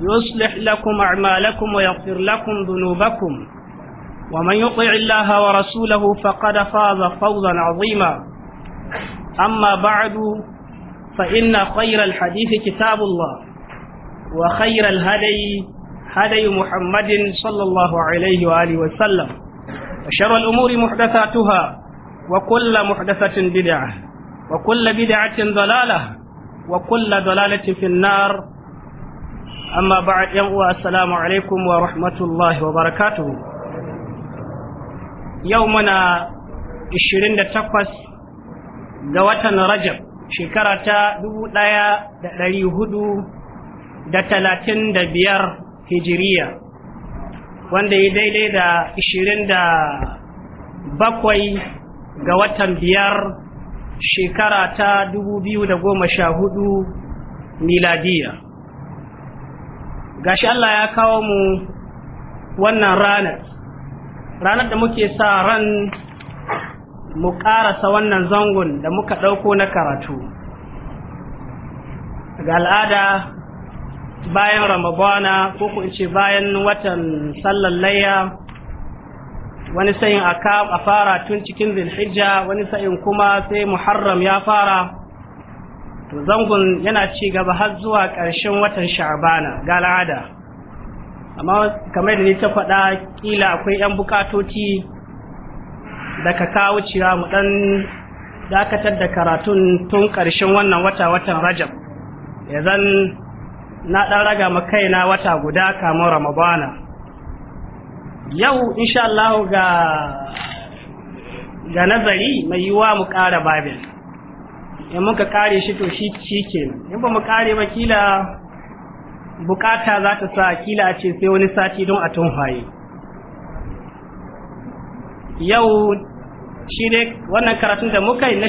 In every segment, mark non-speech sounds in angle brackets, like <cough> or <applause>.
يصلح لكم أعمالكم ويغفر لكم ذنوبكم ومن يطع الله ورسوله فقد فاز فوزا عظيما أما بعد فإن خير الحديث كتاب الله وخير الهدي هدي محمد صلى الله عليه وآله وسلم وشر الأمور محدثاتها وكل محدثة بدعة وكل بدعة ضلالة وكل ضلالة في النار amma ba yan uwa assalamu alaikum wa rahmatullahi wa barakatuhu yau muna 28 ga watan rajab shekara ta 1435 hijiriya wanda ya daidai da 27 ga watan biyar shekara ta 2014 miladiyya gashi Allah ya kawo mu wannan ranar ranar da muke sa ran mu ƙarasa wannan zangon da muka ɗauko na karatu ga al'ada bayan ramabana ko ku ce bayan watan sallallayya wani sayin a fara tun cikin zilhijja wani sayin kuma sai muharram ya fara to zangon yana ci gaba har zuwa ƙarshen watan sha'bana ga al'ada amma kamar da ni ta faɗa kila akwai 'yan bukatoci da ka kawo cira mu ɗan dakatar da karatun tun ƙarshen wannan wata watan rajab ya na ɗan raga ma kaina wata guda kamar ramadana yau insha Allah ga ga nazari mai yiwa mu ƙara babin in muka kare shi to shi shi in ba mu kare ba kila bukata za ta sa kila a ce sai wani sati don a tunhaye yau shi ne wannan karatun da muka yi na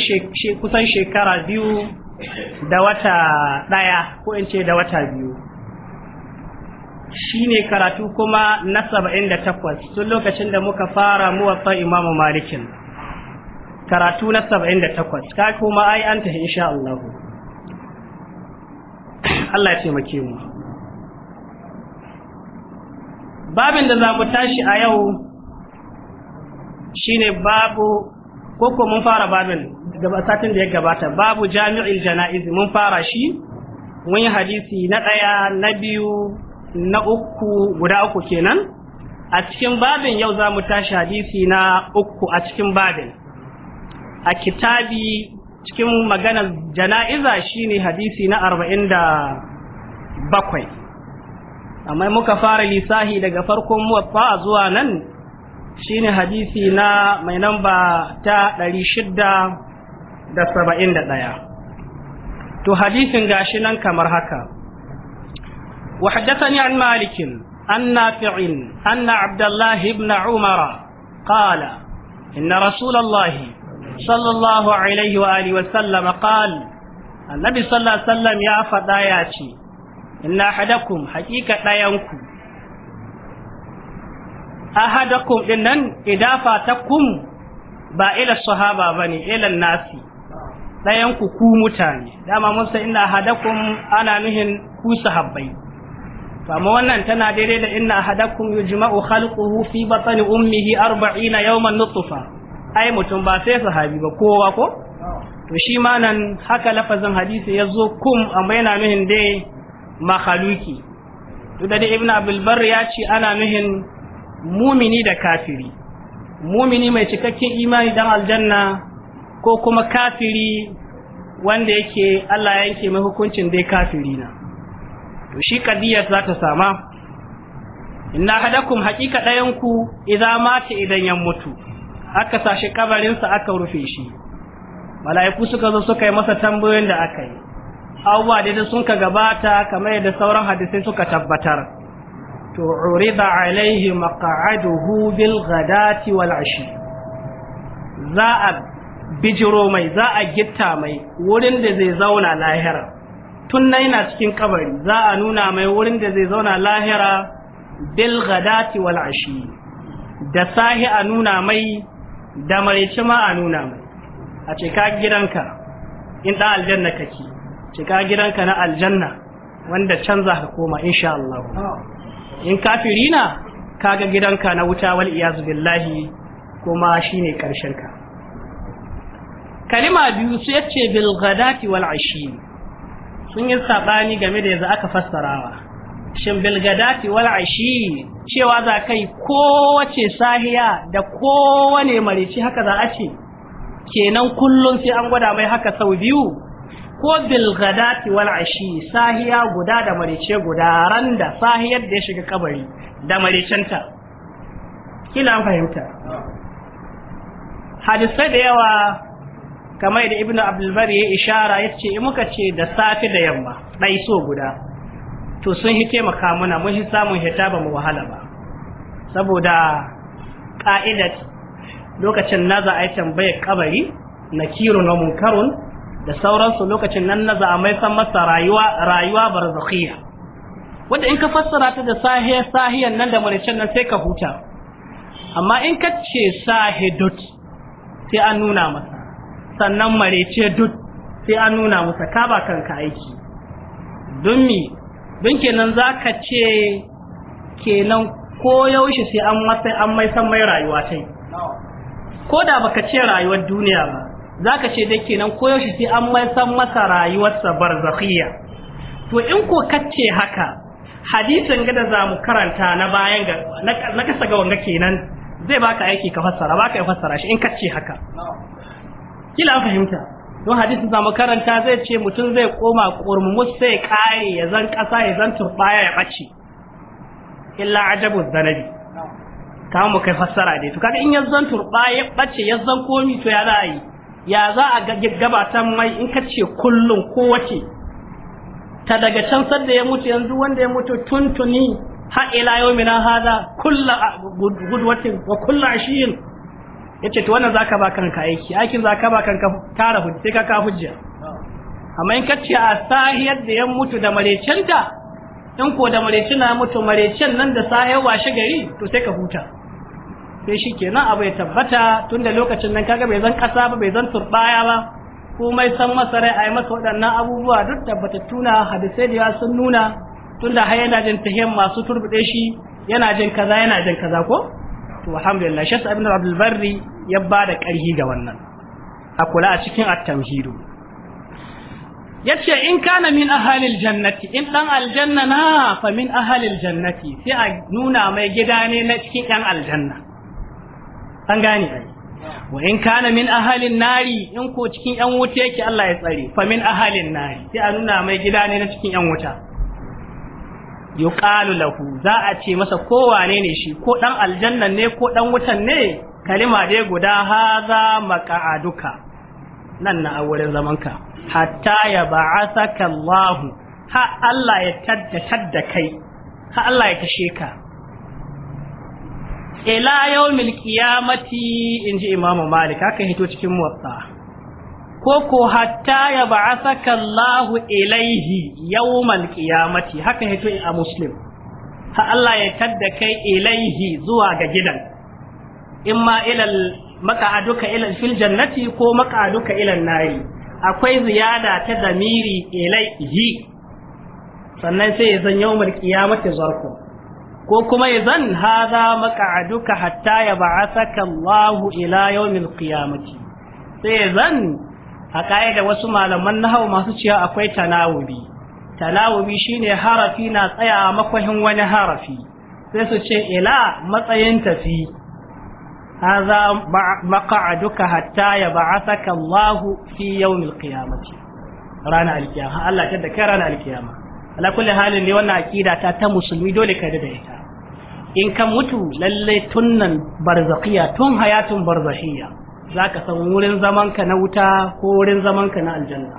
kusan shekara biyu da wata ɗaya ko in ce da wata biyu shi ne karatu kuma na saba'in da takwas tun lokacin da muka fara muwatsa imamu malikin karatu na saba'in da takwas, ka kuma ai an ta insha Allah Allah ya taimake mu babin da za mu tashi a yau shine babu ko mun fara babin satin da ya gabata babu jami'il jana'iz mun fara shi mun yi hadisi na ɗaya na biyu na uku guda uku kenan a cikin babin yau za mu tashi hadisi na uku a cikin babin a kitabi cikin maganar jana'iza shine hadisi na arba'in da bakwai amma muka fara lisahi daga farkon muwaffa zuwa nan shine hadisi na mai namba ta ɗari da saba'in da ɗaya to hadisin gashi nan kamar haka وحدثني عن مالك عن نافع أن عبد الله بن عمر قال إن رسول الله صلى الله عليه وآله وسلم قال النبي صلى الله عليه وسلم يا فضاياتي إن أحدكم حقيقة لا ينكو أحدكم إنن إذا فاتكم با إلى الصحابة بني إلى الناس لا ينكو كو متاني داما موسى إن أحدكم أنا نهن كو صحابي فما wannan tana daidai da inna ahadakum yujma'u khalquhu fi batni ummihi 40 yawman nutfa ai mutum ba sai sahabi ba kowa ko to shi ma nan haka lafazin hadisi ya zo kum amma yana nuhin dai makhaluki to da dai Ibn abdul bar ya ce ana nuhin mumini da kafiri mumini mai cikakken imani dan aljanna ko kuma kafiri wanda yake Allah ya yanke mai hukuncin dai kafiri na to shi kadiyar za ta sama inna hadakum haƙiƙa ɗayanku idan mata idan ya mutu aka sashi kabarinsa aka rufe shi mala'iku suka zo suka yi masa tambayoyin da aka yi abubuwa da sun ka gabata kamar yadda sauran hadisai suka tabbatar to urida alaihi maq'aduhu bil ghadati wal ashi za a bijiro mai za a gitta mai wurin da zai zauna lahira tun na yana cikin kabari za a nuna mai wurin da zai zauna lahira bil ghadati wal ashi da sahi a nuna mai da maraice ma a nuna mai a ce gidanka in ɗan aljanna kake ce ka gidanka na aljanna wanda canza ka koma insha Allah in kafiri na kaga gidanka na wuta wal iyazu billahi kuma shine karshen ka kalima biyu su yace bil ghadati wal ashi sun yi sabani game da yanzu aka fassarawa shin bilgadati wal ashi cewa za kai kowace sahiya da kowane marici haka za a ce kenan kullum sai an gwada mai haka sau biyu ko bilgadati wal ashi sahiya guda da marice guda ran da sahiyar da ya shiga kabari da maricenta kila fahimta hadisai da yawa kamar da ibnu abdulbari ya ishara ya ce muka ce da safe da yamma ɗai so guda to sun hi taimaka muna mun shi samun hita ba mu wahala ba saboda ka'idat lokacin na za a yi tambayar kabari na kiro na munkarun da sauransu lokacin nan na za a mai san masa rayuwa rayuwa barzakhiya wanda in ka fassara ta da sahiyar sahiyan nan da maricin nan sai ka huta amma in ka ce sahidut sai an nuna masa sannan marece dut sai an nuna masa ka ba kanka aiki don don kenan za ka ce kenan ko yaushe sai an an mai san mai rayuwa ta ko da baka ce rayuwar duniya ba za ka ce dai kenan ko yaushe sai an mai san masa rayuwarsa Barzakhiya. to in ko kace haka hadisin ga da za mu karanta na bayan ga na kasa ga wanga kenan zai baka aiki ka fassara baka ya fassara shi in kace haka kila an fahimta don hadisi za karanta zai ce mutum zai koma kurmus sai kare ya zan kasa ya zan turbaya ya bace illa ajabu zanabi kawo mu kai fassara dai to kaga in ya zan turbaya ya bace ya zan komi to ya za a yi ya za a gabata mai in ka ce kullum ko wace ta daga can da ya mutu yanzu wanda ya mutu tuntuni ha ila yau mina hada kulla gudwatin wa kulla ashiyin yace to wannan zaka ba kanka aiki aikin zaka ba kanka kara hujja sai ka ka hujja amma in kace a sahiyar da yan mutu da marecenta in ko da marecina mutu marecen nan da sahiyar washe gari to sai ka huta sai shi kenan abu ya tabbata tunda lokacin nan kaga bai zan kasa ba bai zan turbaya ba komai san masa rai a yi masa waɗannan abubuwa duk tabbatattu na hadisai da sun nuna tunda har yana jin tahiyyar masu turbuɗe shi yana jin kaza yana jin kaza ko to alhamdulillah shas ibn abdul barri ya da karhi ga wannan a kula a cikin at-tamhidu yace in kana min ahalil jannati in dan aljanna na fa min ahalil jannati sai a nuna mai gida ne na cikin yan aljanna an gane ai wa in kana min ahalin nari in ko cikin yan wuta yake Allah ya tsare fa min ahalin nari sai a nuna mai gida ne na cikin yan wuta yuqalu lahu za a ce masa ko wane ne shi ko dan aljannan ne ko dan wutan ne kalima dai guda haza maqaduka nan na auren zamanka hatta ya ba'athaka Allah ha Allah ya tadda da kai ha Allah ya kashe ka ila yawmil qiyamati inji imamu malik haka hito cikin muwatta ko ko hatta ya ba'athaka Allahu ilaihi yawmal qiyamati haka yato a muslim ha Allah ya tadda kai ilaihi zuwa ga gidan imma ilal maka'aduka ila fil jannati ko maka'aduka ila nari akwai ziyada ta damiri ilaihi sannan sai ya zan yawmal qiyamati zarku ko kuma ya zan hadha maqaduka hatta ya ba'athaka Allahu ila yawmil qiyamati sai zan a da wasu malaman nahawu masu cewa akwai tanawubi tanawubi shine harafi na tsaya makwahin wani harafi sai su ce ila matsayin tafi haza maqa'aduka hatta ya ba'athaka Allah fi yawm qiyamati rana al Allah ta da kai rana al ala kulli halin ne wannan akida ta ta musulmi dole ka da ita in ka mutu lalle tunnan barzakiya tun hayatun barzakhiyya za ka san wurin zamanka na wuta ko wurin zamanka na aljanna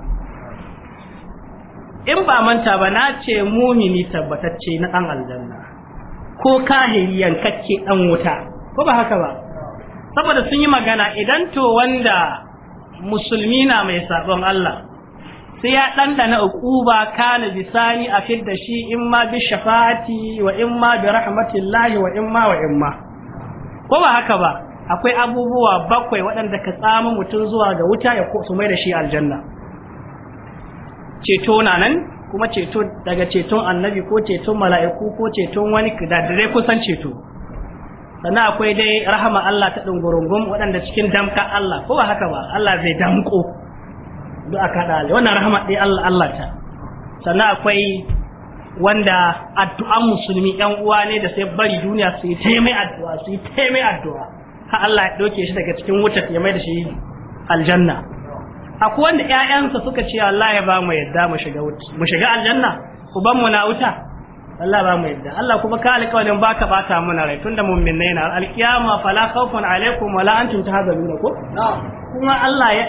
in ba manta ba na ce mumini tabbatacce na ɗan aljanna ko kahiri yankacce ɗan wuta ko ba haka ba saboda sun yi magana idan to wanda musulmi na mai sabon Allah sai ya ɗanɗana uquba kana bisani a da shi in ma bi shafati wa in ma bi rahmatillahi wa in ma wa in ma ko ba haka ba akwai abubuwa bakwai waɗanda ka tsama mutum zuwa ga wuta ya su mai da shi aljanna ceto na nan kuma ceto daga ceton annabi ko ceton mala'iku ko ceton wani da dare kusan ceto sannan akwai dai rahama Allah ta ɗungurungun waɗanda cikin damka Allah ko ba haka ba Allah zai damko duk aka haɗa wannan rahama ɗaya Allah ta sannan akwai wanda addu'an musulmi ‘yan uwa ne da sai bari duniya su yi taimai addu'a su yi taimai addu'a ha Allah ya ɗauke shi daga cikin wutar ya mai da shi aljanna akwai wanda ƴaƴansa suka ce Allah ya ba mu yadda mu shiga wuta mu shiga aljanna ban mu na wuta Allah ba mu yadda Allah kuma ka alƙawarin baka bata muna rai tunda mu'minai na alƙiyama fala khawfun alaikum wala antum tahzanuna ko kuma Allah ya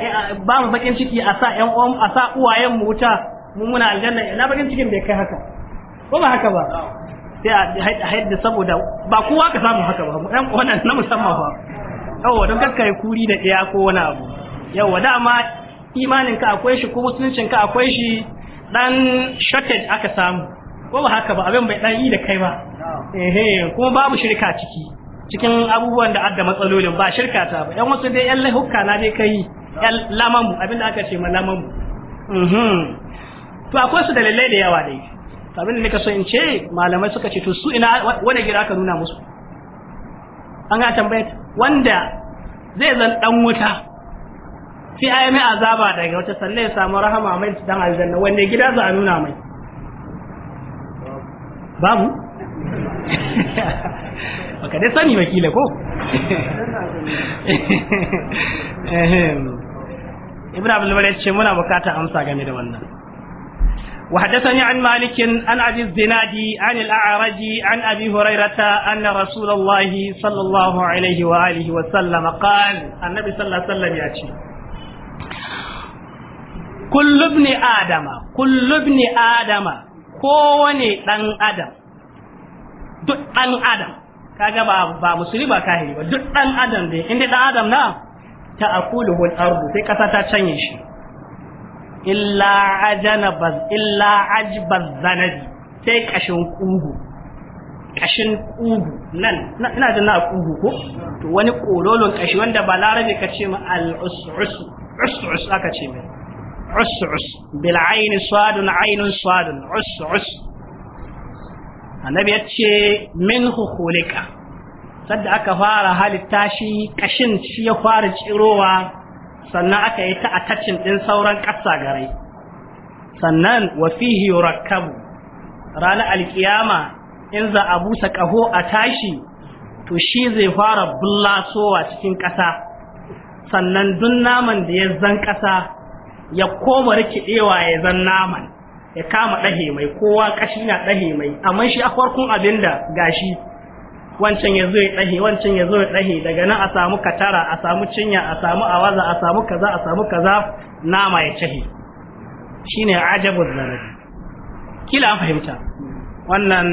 ba mu bakin ciki a sa ƴan uwan a sa uwayen mu wuta mu muna aljanna ina bakin cikin bai kai haka ko ba haka ba sai a haidda saboda ba kowa ka samu haka ba ɗan wannan na musamman ba yawa don kakkare kuri da ɗaya ko wani abu wa dama imanin ka akwai shi ko mutuncin ka akwai shi dan shortage aka samu ko ba haka ba abin bai dan yi da kai ba ehe kuma babu shirka ciki cikin abubuwan da adda matsalolin ba shirka ta ba yan wasu dai yan lahukka na dai kai yan lamamu abin da aka ce ma lamamu mhm. to akwai su dalilai da yawa dai abin da nika so in ce malamai suka ce to su ina wani gira aka nuna musu an ga tambayar wanda zai zan dan wuta sai yi mai azaba daga wata sallai samu rahama mai dan aljanna wanda gida za a nuna mai babu <laughs> baka dai sani wakila ko <laughs> ibn ya ce muna bukata amsa game da wannan وحدثني عن مالك عن أبي الزناد عن الأعرج عن أبي هريرة أن رسول الله صلى الله عليه وآله وسلم قال النبي صلى الله عليه وسلم يأتي كل ابن آدم كل ابن آدم كوني أن آدم duk ɗan adam kaga ba ba musulmi ba kahiri ba duk ɗan adam dai inda ɗan adam na ta akulu hul ardu sai ƙasa ta canye shi illa ajana illa ajbaz zanadi sai kashin kugu kashin kugu nan ina da na kugu ko to wani kololon kashi wanda ba larabe ka ce ma al usus usus aka ce mai usus bil ayn sadun aynun sadun usus annabi ya ce minhu khuliqa sadda aka fara halitta shi kashin shi ya fara tsirowa sannan aka yi ta a tacin ɗin sauran ƙasa gare sannan wa fihi yurakkabu ranar alkiyama in za a busa ƙaho a tashi to shi zai fara bullasowa cikin ƙasa sannan dun naman da ya zan ƙasa ya koma rikidewa ya zan naman ya kama ɗahe mai kowa ƙashi na ɗahe mai amma shi a farkon abin da gashi wancan ya zo ya ɗahi wancan ya zo ya ɗahi daga nan a samu katara a samu cinya a samu awaza a samu kaza a samu kaza nama ya cahe shine ajabul zanabi kila an fahimta wannan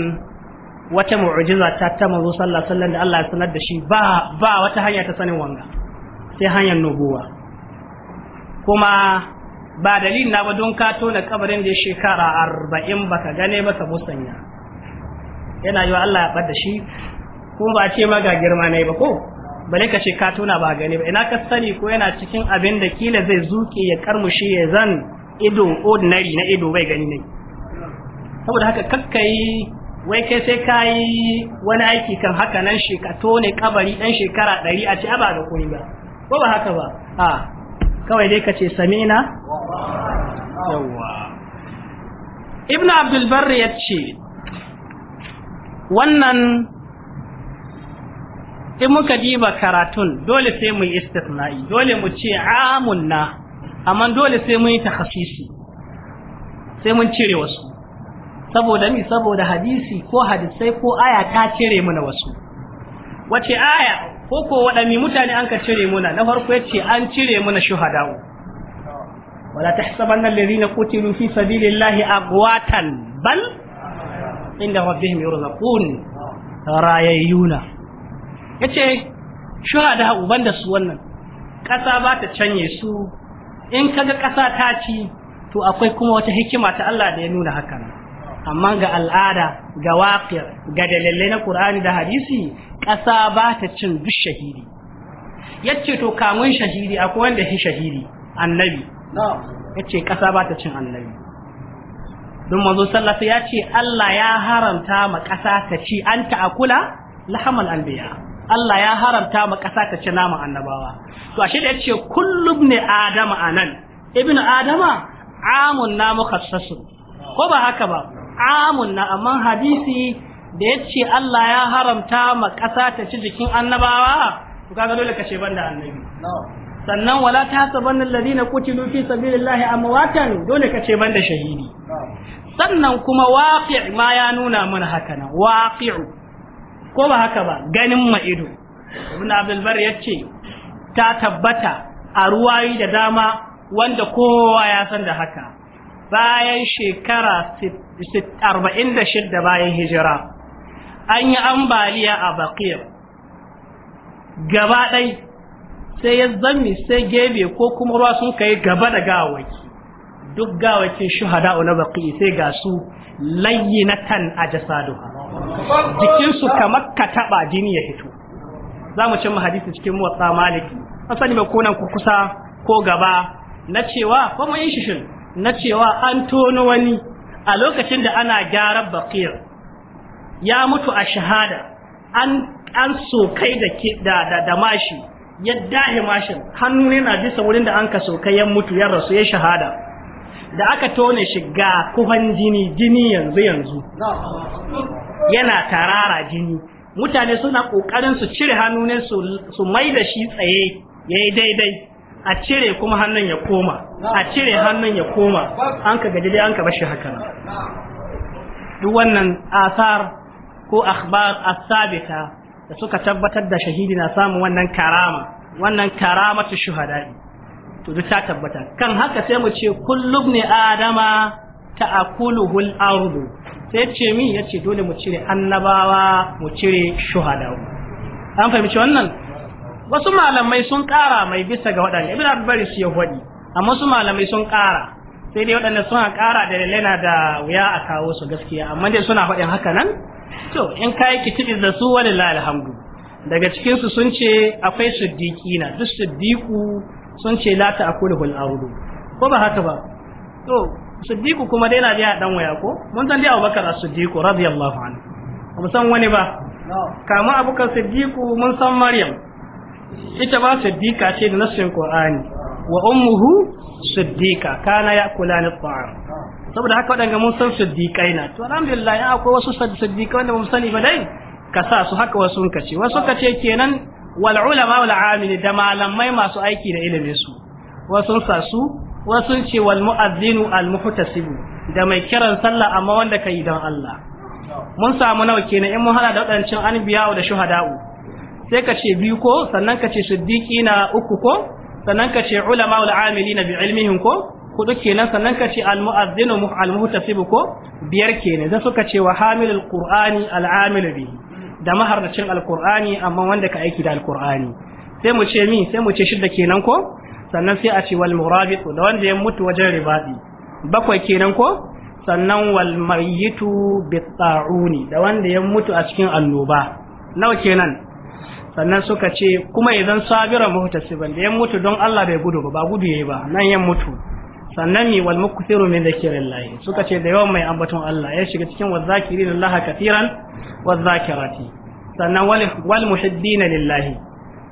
wata mu'jiza ta ta manzo sallallahu alaihi wasallam da Allah ya sanar da shi ba ba wata hanya ta sanin wanga sai hanyar nubuwa kuma ba dalilin na ba don ka tona kabarin da shekara arba'in baka gane ba ka musanya yana yi wa Allah ya bar da shi kuma ba a ce ma ga girma ne ba ko bale ka ce ka tona ba gani ba ina ka sani ko yana cikin abin da kila zai zuke ya karmushe ya zan ido ordinary na ido bai gani ne saboda haka kakkai wai kai sai ka yi wani aiki kan haka nan shi ka kabari dan shekara ɗari a ce a ba da ba ko ba haka ba a kawai dai ka ce samina yawa ibnu abdul barri ya ce wannan in muka diba karatun dole sai mu yi istisna'i dole mu ce na amma dole sai mun yi takhasisi sai mun cire wasu saboda mi saboda hadisi ko hadisai ko aya ta cire mana wasu wace aya ko ko wadanni mutane an ka cire muna na farko yace an cire muna shuhada'u wala tahsabanna alladhina qutilu fi sabilillahi aqwatan bal inda rabbihim yurzaqun rayayyuna yace shuhada uban da su wannan ƙasa ba ta canye su in ka ga ƙasa ta ci to akwai kuma wata hikima ta Allah da ya nuna hakan amma ga al'ada ga waqi' ga dalilai na ƙur'ani, da hadisi ƙasa ba ta cin duk shahidi yace to kamun shahidi akwai wanda shi shahidi annabi yace ƙasa ba ta cin annabi don manzo sallallahu ya ce Allah ya haramta ma ƙasa ta ci an ta akula lahamal anbiya Allah ya haramta ma ƙasa ta ci naman annabawa to ashe da ce kullum ne adama a nan, Ibn adama amun na sassu. ko ba haka ba amun na amma hadisi da ya ce Allah ya haramta ma ƙasa ta ci jikin annabawa ku kaga dole ban da annabi sannan wala ta tahsabanna alladhina qutilu fi sabilillahi amwatan dole ban da shahidi sannan kuma wafi ma ya nuna mana haka nan wafi'u. ko ba haka ba ganin ma'ido ibn abdulbar ya ce ta tabbata a ruwayi da dama wanda kowa ya san da haka bayan shekara 46 bayan hijira an yi ambaliya a baƙir gaba ɗai sai ya zami sai gebe ko kuma ruwa sun kai gaba da gawaki duk gawakin shuhada na baki sai ga su layyinatan a jasaduha jikinsu kamar ka taɓa jini ya fito za mu cin hadisi cikin motsa malik sani mai konan ku kusa ko gaba na cewa ko mun yin shishin na cewa an tono wani a lokacin da ana gyaran bakiyar ya mutu a shahada an an sokai da da da mashi ya dahi mashin hannu yana bisa wurin da an ka sokai ya mutu ya rasu ya shahada da aka tone shiga ga kuhan jini jini yanzu yanzu yana tarara jini mutane suna kokarin su cire hannunan su su mai da shi tsaye yayi daidai a cire kuma hannun ya koma a cire hannun ya koma an ka gaji dai an ka bashi haka duk wannan asar ko akhbar asabita da suka tabbatar da shahidi na samun wannan karama wannan karamatu shuhada to duk ta tabbata kan haka sai mu ce kullu ibn adama ta'akuluhul ardu sai ce mi ya ce dole mu cire annabawa mu cire shuhada an fahimci wannan wasu malamai sun ƙara mai bisa ga waɗanda ibn su ya faɗi amma su malamai sun ƙara. sai dai waɗanda suna kara da na da wuya a kawo su gaskiya amma dai suna faɗin haka nan to in kai kitibi da su wani alhamdu daga cikinsu su sun ce akwai siddiqina duk siddiqu sun ce la ta'kuluhu al-ardu ko ba haka ba to siddiqu kuma dai na biya dan waya ko mun san dai abubakar as-siddiq radiyallahu anhu ba san wani ba kama abubakar siddiq mun san maryam ita ba siddiqa ce da nassin qur'ani wa ummuhu siddiqa kana ya'kulani at-ta'am saboda haka wadanga mun san siddiqai na to alhamdulillah ya akwai wasu siddiqai wanda mun sani ba dai ka sa su haka wasu ka ce wasu ka ce kenan wal ulama wal amili da malamai masu aiki da ilimin su wasu sa su wasu ce wal mu'azzinu al muhtasibu da mai kiran sallah amma wanda ka yi don Allah mun samu nawa kenan in mun hada da waɗancan anbiya da shuhada'u sai ka ce biyu ko sannan ka ce na uku ko sannan ka ce ulama ul amilina bi ilmihim ko hudu kenan sannan ka ce al mu'azzinu al muhtasibu ko biyar kenan da suka ce wa hamilul qur'ani al amil bihi da maharracin alqur'ani amma wanda ka aiki da alqur'ani sai mu ce mi sai mu ce shidda kenan ko sannan sai a ce wal murabitu da wanda ya mutu wajen ribadi bakwai kenan ko sannan wal bitta'uni da wanda ya mutu a cikin annoba nawa kenan sannan suka ce kuma idan sabira muhtasiban da ya mutu don Allah bai gudu ba gudu yayi ba nan ya mutu sannan mi wal mukthiru min dhikrillah suka ce da yawan mai ambaton Allah ya shiga cikin wazakirina Allah katiran wazakirati sannan wal muhiddina lillahi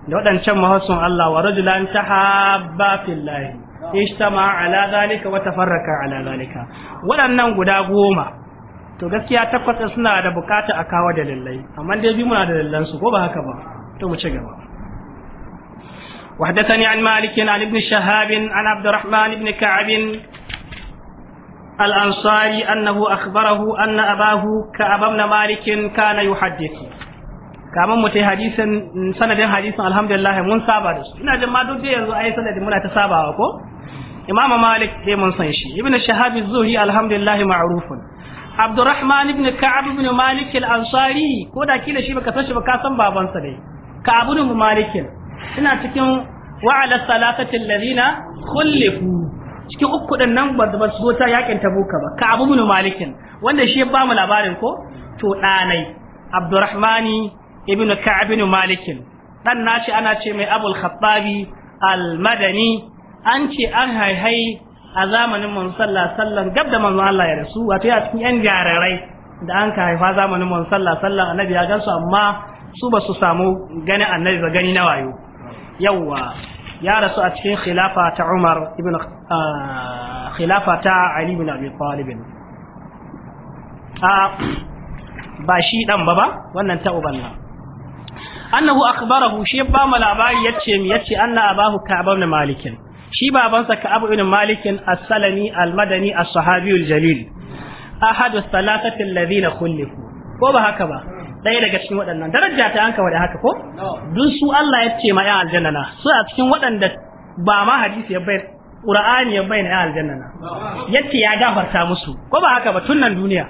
da waɗancan mahasun Allah wa rajulan tahabba fillahi ishtama ala zalika wa tafarraka ala zalika waɗannan guda goma to gaskiya takwas suna da bukata a kawo lallai, amma dai bi muna da dalilan su ko ba haka ba to mu ci gaba وحدثني عن مالك عن ابن شهاب عن عبد الرحمن بن كعب الأنصاري أنه أخبره أن أباه كعب بن مالك كان يحدث kamar mu tai hadisin sanadin hadisin alhamdulillah mun saba da su ina jin ma duk yanzu ai sanadin muna ta sabawa ko imam malik dai eh, mun san shi ibn shahab az-zuhri alhamdulillah ma'rufun abdurrahman ibn ka'ab ibn malik al-ansari ko da kila shi baka san shi ba ka san babansa dai ka'ab ibn malik ina cikin wa'ala salatati alladhina khulifu cikin uku din nan ba su zo ta yakin tabuka ba ka'ab ibn malik wanda shi ya ba mu labarin ko to danai abdurrahmani ibn ka'ab ibn malik dan nashi ana ce mai abul khattabi al madani an ce an haihai a zamanin man gab da manzon Allah ya rasu wato ya cikin yan jararai da an ka haifa zamanin man sallah sallan annabi ya gansu amma su ba su samu gani annabi ba gani na wayo yawwa ya rasu a cikin khilafa ta Umar ibn ah, khilafa ta Ali ibn Abi Talib ah, ba shi dan ba ba wannan ta uban nan annahu akhbarahu shi ba mu labari yace mi yace anna abahu ka'ab ibn malik shi babansa ka'ab ibn malik as-salami al-madani as-sahabi al-jalil ahadu thalathati alladhina khulifu ko ba haka ba ɗaya daga cikin waɗannan daraja ta hanka da haka ko dun su Allah ya ce ma ya aljanna na su a cikin waɗanda ba ma hadisi ya bai qur'ani ya bai na aljanna na yace ya gafarta musu ko ba haka ba tun nan duniya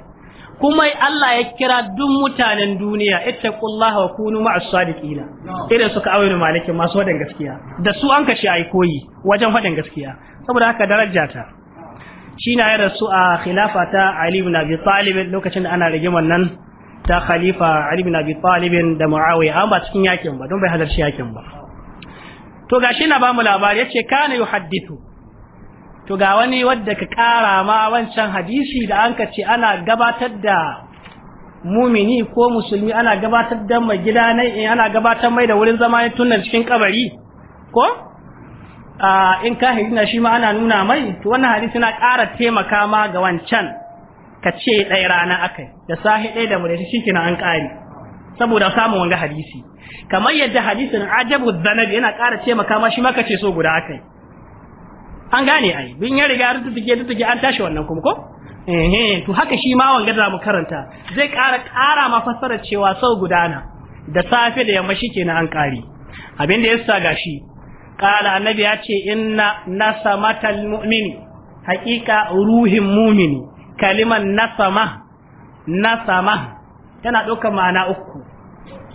kuma Allah ya kira duk mutanen duniya ittaqullaha wa kunu ma'as sadiqina irin suka aure malikin masu wadan gaskiya da su an kashi ai koyi wajen faɗin gaskiya saboda haka daraja ta shine ya rasu a khilafata Ali ibn Abi Talib lokacin da ana rigimar nan ta khalifa Ali ibn Abi Talib da Muawiya an ba cikin yakin ba don bai halarci yakin ba to gashi na ba mu labari yace kana yuhaddithu to ga wani wadda ka kara ma wancan hadisi da an kace ce ana gabatar da mumini ko musulmi ana gabatar da mai gida na eh, ana gabatar mai da wurin zama ya tunan cikin kabari ko a in ka na shi ma ana nuna mai to wannan hadisi na ƙara taimaka ma ga wancan ka ce ɗaya rana akai da sahi ɗaya da mureti shi kina an ƙari saboda samun wanga hadisi kamar yadda hadisin ajabu dhanabi yana ƙara taimaka ma shi ma ka ce so guda akai an gane ai bin ya riga ta tuke ta an tashi wannan kuma ko eh to haka shi ma wanga da mu karanta zai ƙara ƙara ma fassarar cewa sau gudana da safe da yamma shikenan an ƙari abin da yasa gashi qala annabi ya ce inna nasamatal mu'mini haqiqa ruhin mu'mini kaliman nasama nasama tana ɗaukar ma'ana uku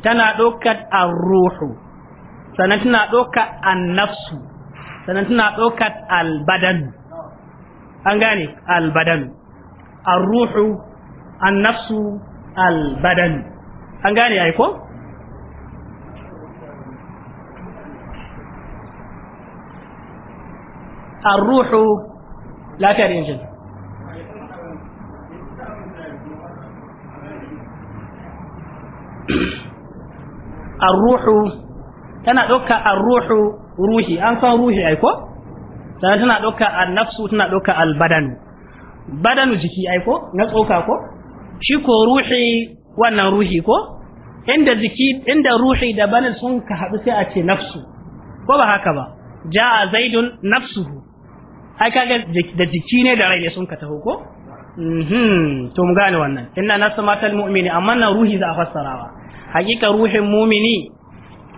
tana ɗaukar ar-ruhu sannan tana ɗaukar an-nafsu sannan tana ɗaukar albadan an gane albadan arruhu annafsu albadan an gane ai ko arruhu lafiyar injin arruhu tana ɗauka ruhu ruhi an san ruhi ai ko sannan tana ɗauka nafsu tana ɗauka albadanu badanu jiki ai ko na tsoka ko shi ko ruhi wannan ruhi ko inda jiki inda ruhi da banin sun ka haɗu sai a ce nafsu ko ba haka ba ja'a zaidun nafsuhu ai kaga da jiki ne da rai ne sun ka taho ko mhm to mu gane wannan inna nasmatal mu'mini amma na ruhi za a fassarawa hakika ruhin mu'mini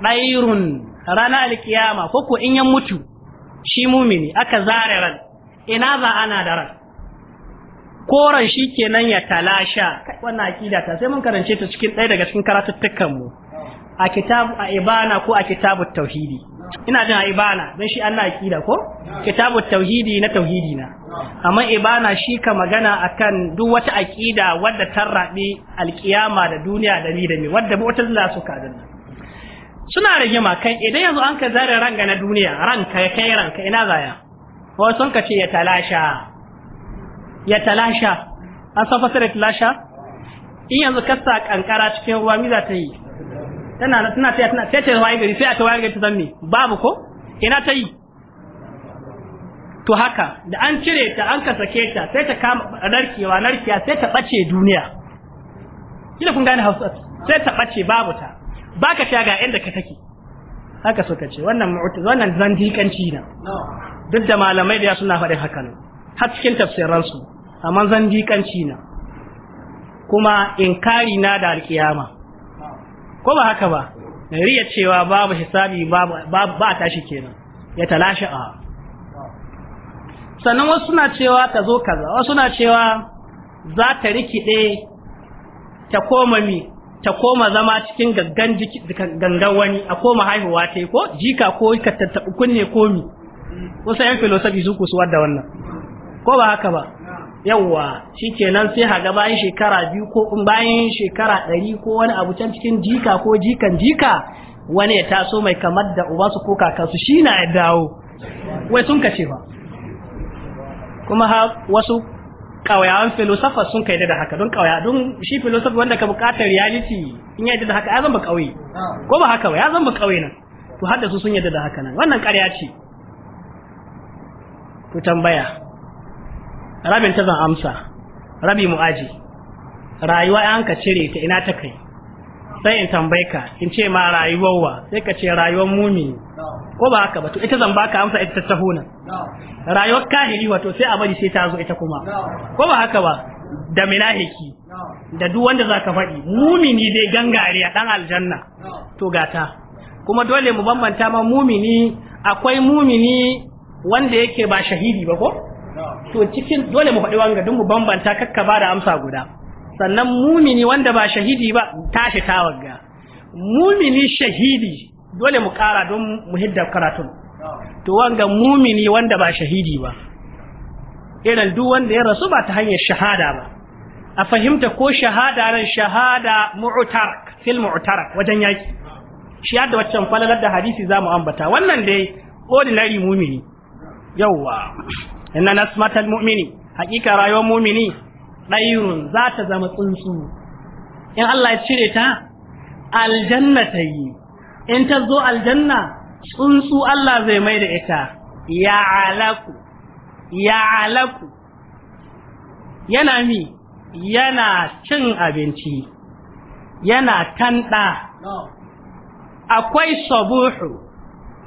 dairun ranar alkiyama ko ko in ya mutu shi mumini aka zare ran ina za ana da ran koran shi kenan ya talasha wannan akida ta sai mun karance ta cikin ɗaya daga cikin karatuttukan mu a kitab a ibana ko a kitabut tauhidi ina jin a ibana don shi Allah akida ko kitabut tauhidi na tauhidi na amma ibana shi ka magana akan duk wata akida wadda ta alkiyama da duniya da ni da ni wadda mu'tazila suka danna suna rigima kai idan yanzu an ka zare ranka na duniya ranka ya kai ranka ina zaya wai sun ka ce ya talasha ya talasha an san fasara talasha in yanzu ka sa kankara cikin ruwa mi za ta yi tana tana tana tana sai ta waye gari sai aka waye gari ta zan babu ko ina ta yi to haka da an cire ta an ka sake ta sai ta kama narkewa narkiya sai ta bace duniya kina kun gane hausa sai ta bace babu ta baka sha ga inda ka take haka suka ce wannan mu'tazila wannan zandikanci na duk da malamai da suna faɗin haka ne har cikin tafsiransu amma zandikanci na kuma inkari na da alkiyama ko ba haka ba riya cewa babu hisabi ba tashi kenan ya talashi a sannan wasu suna cewa ta zo kaza wasu suna cewa za ta rikide ta koma mi ta koma zama cikin gangan gangan wani a koma haihuwa ta yi ko jika ko ka tattaɓi kunne ko mi yan filosofi su suwar da wannan ko ba haka ba yawwa nan sai haga bayan shekara biyu ko bayan shekara ɗari ko wani abu can cikin jika ko jikan jika wani ya taso mai kamar da uba ko kakansu shi na ya dawo wai sun kace ba kuma ha wasu kawayawan filosofa sun kai da haka don kawaya don shi filosofi wanda ka bukatar reality in yadda da haka ya zama kauye ko ba haka ba ya zama ƙauye nan to har da su sun yadda da haka nan wannan ƙarya ce to tambaya rabin ta zan amsa rabi mu'aji rayuwa an ka cire ta ina ta kai dan in tambaye ka in ce ma rayuwar wa sai ka ce rayuwar mumini ko ba haka ba to ita zan baka amsa ita ta huna rayuwar kahiri wato sai a bari sai ta zo ita kuma ko ba haka ba da milahiki da duk wanda zaka faɗi mumini dai gangare a dan aljanna to gata kuma dole mu bambanta ma mumini akwai mumini wanda yake ba shahidi ba ko to cikin dole mu faɗi wanga duk mu bambanta kakka ba da amsa guda sannan mumini wanda ba shahidi ba tashi tawagga mumini shahidi dole mu kara don mu hidda karatun to wanga mumini wanda ba shahidi ba irin duk wanda ya rasu ba ta hanyar shahada ba a fahimta ko shahada ran shahada mu'tarak fil mu'tarak wajen yaki shi yadda waccan falalar da hadisi za mu ambata wannan dai ordinary mumini yawwa inna nasmatal mu'mini Haƙiƙa rayuwar mumini ɗairun za ta zama tsuntsu in Allah ya cire ta aljanna ta yi in ta zo aljanna tsuntsu Allah zai mai da ita ya alaku ya alaku yana mi yana cin abinci yana tanɗa akwai sabuhu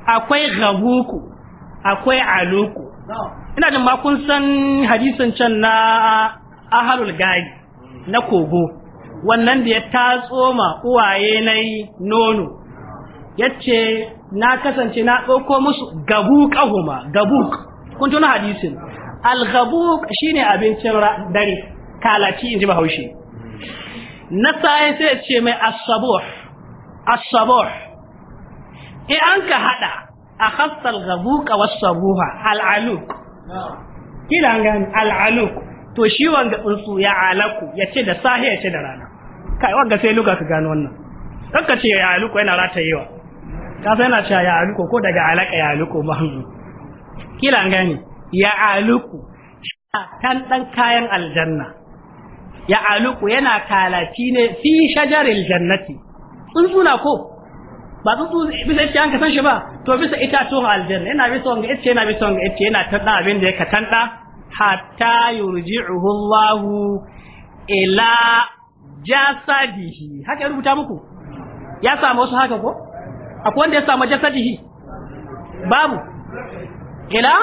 akwai gabuku akwai aluku ina jin makon san hadisin can na ahalul gari na kogo wannan da ya tatso ma uwaye na nono ya ce na kasance na ɗauko musu gabuk ahuma gabuk kun tuna hadisin shi shine abincin dare kalaci in ji bahaushe na sayan sai ce mai asabuh asabuh in an ka hada a hasal gabuka al-aluk kila gan al-aluk to shi wanga tsuntsu ya alaku ya ce da sahiya ya ce da rana kai wanga sai luka ka gano wannan dan ka ce ya alaku yana ratayewa ka sai yana cewa ya alaku ko daga alaka ya aluko ba kila an gani ya alaku kan dan kayan aljanna ya alaku yana kalaci ne fi shajaril jannati tsuntsu na ko ba tsuntsu bisa ita an ka san shi ba to bisa itatuwan aljanna yana bisa wanga ita yana bisa wanga ita yana tanda abin da ya ka tanda hatta yurji'uhu Allahu ila jasadihi haka ya rubuta muku ya samu wasu haka ko akwai wanda ya samu jasadihi babu ila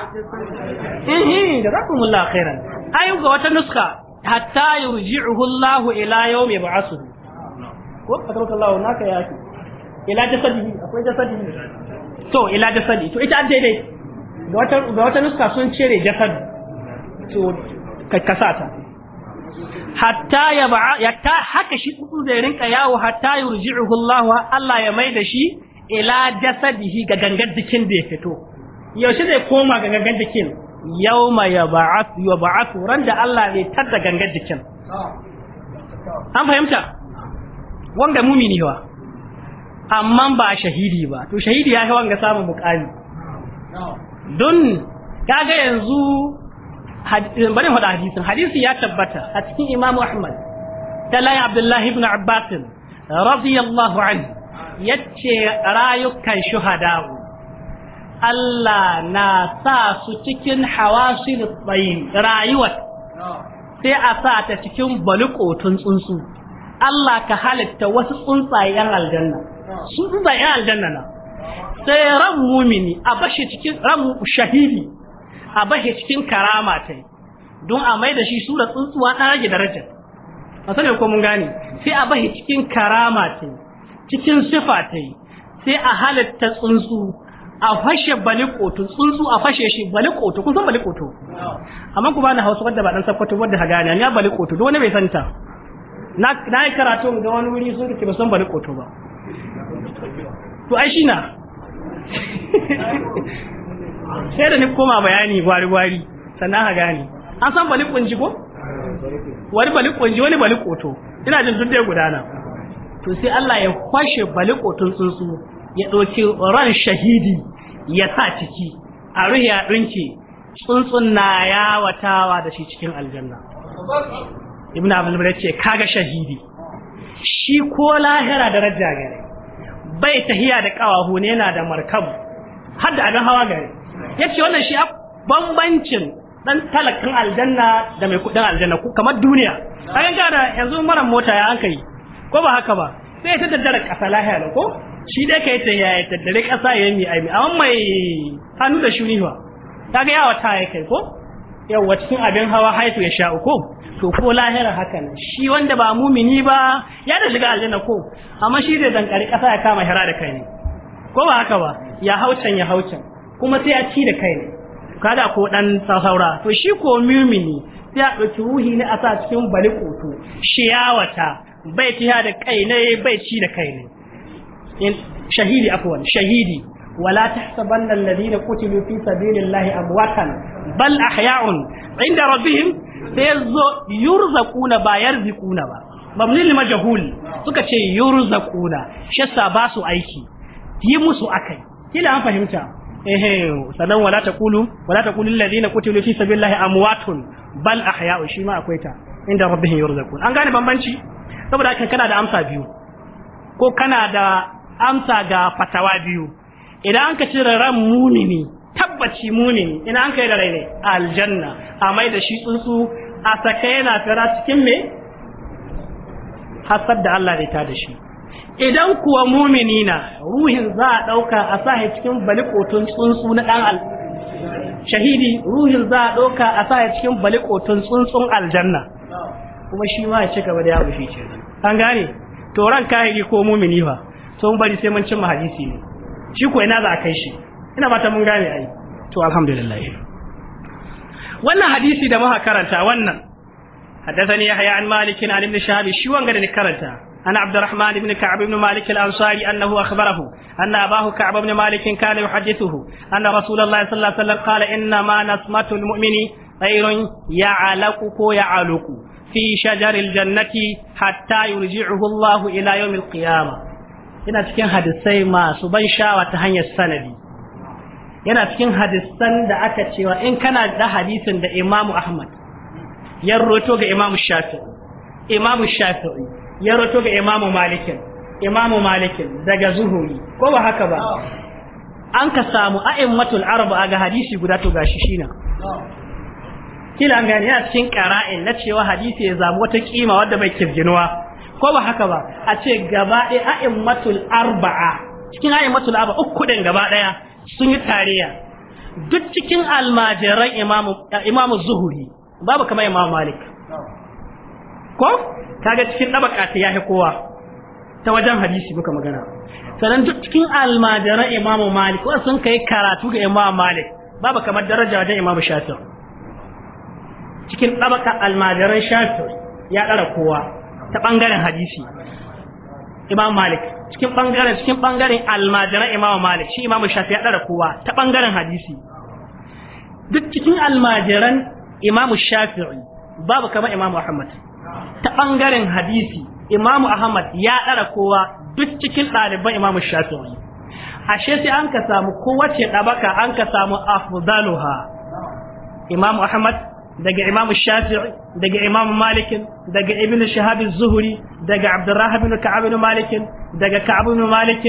ihi jazakumullahu khairan ayu ga wata nuska hatta yurji'uhu Allahu ila yawm ba'asuhu ko kadarakallahu naka yaki ila jasadihi akwai jasadihi to ila jasadi to ita ga daidai Ga wata nuska sun cire jasadi to ka ta hatta ya ba ya ta haka shi tsutsu zai rinka yawo hatta yurji'uhu Allah Allah ya maida shi ila jasadihi ga gangan jikin da ya fito yaushe zai koma ga gangan jikin yauma ya ba'athu wa ba'athu ran da Allah zai tada gangan jikin an fahimta wanda mumini wa amma ba shahidi ba to shahidi ya ga wanga samun mukami don kaga yanzu bari faɗa hadisin hadisin ya tabbata a cikin imamu ahmad ta layi abdullahi ibn abbas radiyallahu anhu yace rayukan shuhada Allah na sa su cikin hawasil tsayin rayuwar sai a sa ta cikin balikotun tsuntsu Allah ka halitta wasu tsuntsayen aljanna tsuntsayen aljanna na sai ran mumini a bashi cikin ran shahidi a bashi cikin karama ta don a mai da shi sura tsuntsuwa ɗan rage daraja a sani ko mun gane sai a bashi cikin karama ta cikin sifa ta sai a halitta tsuntsu a fashe balikoto tsuntsu a fashe shi balikoto kun san balikoto amma ku bani hausa wadda ba dan sakwato wadda ha gane ya balikoto duk wani bai santa na na yi karatu ga wani wuri sun ce ba san balikoto ba to ai shi na <laughs> sai da ni koma bayani gwari gwari sannan ha gani an san balik kunji ko wani balik kunji wani balik ina jin duk gudana to sai Allah ya kwashe balik tsuntsu ya dauki ran shahidi ya sa ciki a ruhi a tsuntsun na yawatawa da shi cikin aljanna ibn abdul ce kaga shahidi shi ko lahira daraja gare bai tahiya da kawahu ne yana da markabu har da abin hawa gare yace wannan shi bambancin dan talakan aljanna da mai kudin aljanna kamar duniya kaga gara yanzu maran mota ya an kai ko ba haka ba sai ta daddare kasa lahiya ko shi dai kai ta yaya daddare kasa ya mi ai amma mai hannu da shuni ba kaga yawa ta yi kai ko yawa cikin abin hawa haifu ya sha ko to ko lahira haka ne shi wanda ba mumini ba ya da shiga aljanna ko amma shi zai dankari kasa ya kama hira da kai ne ko ba haka ba ya haucan ya haucan kuma sai a ci da kai ne kada ko dan saura to shi ko mumini sai a ɗauki ruhi ne a sa cikin bali koto shiyawata bai tiya da kai ne bai ci da kai ne shahidi afwan shahidi ولا تحسبن الذين قتلوا في سبيل الله امواتا بل احياء عند ربهم يرزقون با يرزقون با مبني للمجهول suka ce yurzaquna shassa ba su aiki yi musu akai kila an fahimta ehe sanan wala kulu wala kulu alladhina kutilu fi sabilillahi amwatun bal ahya'u shima akwai ta inda rabbihim yurzaqun an gane bambanci saboda haka kana da amsa biyu ko kana da amsa ga fatawa biyu idan an ka cire ran mumini tabbaci mumini ina an yi da rai ne aljanna a mai da shi tsuntsu a saka yana fara cikin me hasad da Allah ya ta da shi idan kuwa mumini na ruhin za a ɗauka a sahi cikin balikotun tsuntsu na ɗan al shahidi ruhin za a ɗauka a sahi cikin balikotun tsuntsun aljanna kuma shi ma ya ci gaba da ya shi ce an gane to ran kayayyaki ko mumini ba to bari sai mun cin hadisi ne shi ko ina za a kai shi ina fata mun gane ai to alhamdulillah wannan hadisi da muka karanta wannan حدثني يحيى عن مالك عن shi wanga da ni karanta. أن عبد الرحمن بن كعب بن مالك الأنصاري أنه أخبره أن أباه كعب بن مالك كان يحدثه أن رسول الله صلى الله عليه وسلم قال إنما نسمة المؤمن طير يعلق يعلق في شجر الجنة حتى يرجعه الله إلى يوم القيامة yana cikin hadisai masu ban sha'awa ta hanyar sanadi yana cikin hadisan da aka cewa in kana da hadisin da Imam Ahmad ya roto ga Imam Shafi'i Imam Shafi'i ya rato ga imamu malikin imamu malikin daga zuhuri ko ba haka ba an ka samu a'immatul arba ga hadisi guda to gashi shina kila an gani a cikin qara'in na cewa hadisi ya zamu wata kima wadda bai kirginuwa ko ba haka ba a ce gaba ɗaya matul arba'a cikin matul arba'a uku din gaba ɗaya sun yi tariya duk cikin almajiran imamu imamu zuhuri babu kamar imamu malik ko kaga cikin dabaka ta yahi kowa ta wajen hadisi muka magana sannan duk cikin almajiran imam malik wasu sun kai karatu ga imam malik babu kamar daraja wajen imam shafi'i cikin dabaka majaran shafi'i ya dara kowa ta bangaren hadisi imam malik cikin bangaren cikin bangaren almajiran imam malik shi imam shafi'i ya dara kowa ta bangaren hadisi duk cikin almajiran imam shafi'i babu kamar imam muhammad ta bangaren hadisi Imam Ahmad ya dara kowa duk cikin ɗaliban Imam Shafi'i ashe sai an ka samu kowace ɗabaka an ka samu afdaluha Imam Ahmad daga Imam Shafi'i daga Imam Malik daga Ibn Shihab az-Zuhri daga Abdurrahman ibn Ka'ab ibn Malik daga Ka'ab ibn Malik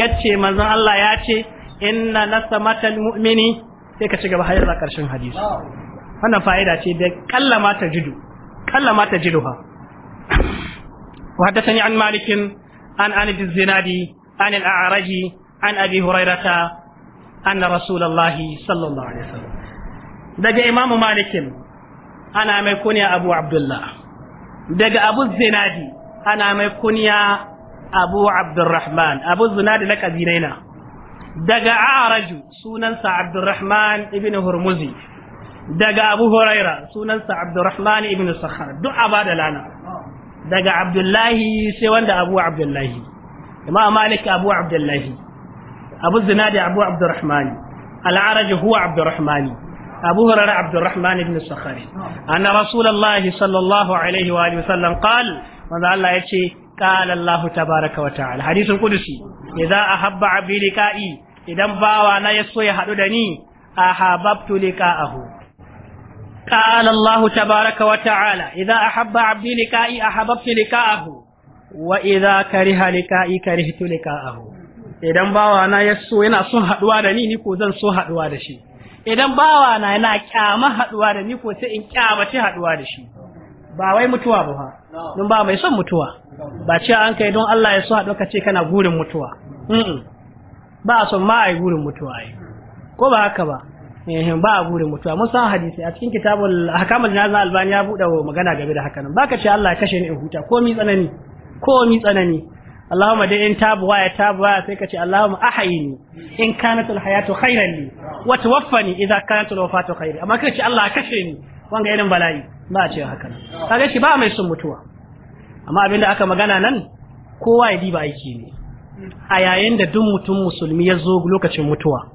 yace manzon Allah yace inna nasamata almu'mini sai ka ci gaba har zuwa karshen hadisi wannan fa'ida ce da kallama ta jidu kallama ta jiduha وحدثني عن مالك عن أنس الزنادي عن الأعرج عن أبي هريرة أن رسول الله صلى الله عليه وسلم دقى إمام مالك أنا يا أبو عبد الله دقى أبو الزنادي أنا يا أبو عبد الرحمن أبو الزنادي لك دينينا دقى أعرج سننسى عبد الرحمن ابن هرمزي دقى أبو هريرة سننسى عبد الرحمن ابن الصخر دعا بعد لنا daga abdullahi sai wanda abu abdullahi imam malik abu abdullahi abu zinadi abu abdurrahman al'araj huwa abdurrahman abu hurairah abdurrahman ibn sakhari anna rasulullahi sallallahu alaihi wa alihi wasallam qal manzo Allah yace qala Allah tabaaraka wa ta'ala hadithul qudusi idza ahabba abdi liqa'i idan bawa na yaso ya hadu da ni ahabbtu liqa'ahu قال الله تبارك وتعالى إذا أحب عبدي لقائي أحببت لقاءه وإذا كره لقائي كرهت لقاءه idan bawana ya so yana son haduwa da ni ni ko zan so haduwa da shi idan na yana kyama haduwa da ni ko sai in kyamace haduwa da shi ba wai mutuwa ba fa don ba mai son mutuwa ba ce an kai don Allah ya so haduwa kace kana gurin mutuwa ba a son ma ai gurin mutuwa ai ko ba haka ba ba a burin mutuwa mun san hadisi a cikin kitabul ahkamul albani ya bude magana game da hakan baka ce Allah ya kashe ni in huta ko mi tsanani ko mi tsanani Allahumma dai in tabu wa ya tabu sai ka ce Allahumma ahayini in kanat al-hayatu khairan li wa tawaffani idza kanat al-wafatu khairi amma kace Allah ya kashe ni wanga irin bala'i ba a ce hakan kaga shi ba mai son mutuwa amma abinda aka magana nan kowa ya diba aiki ne a yayin da duk mutum musulmi ya zo lokacin mutuwa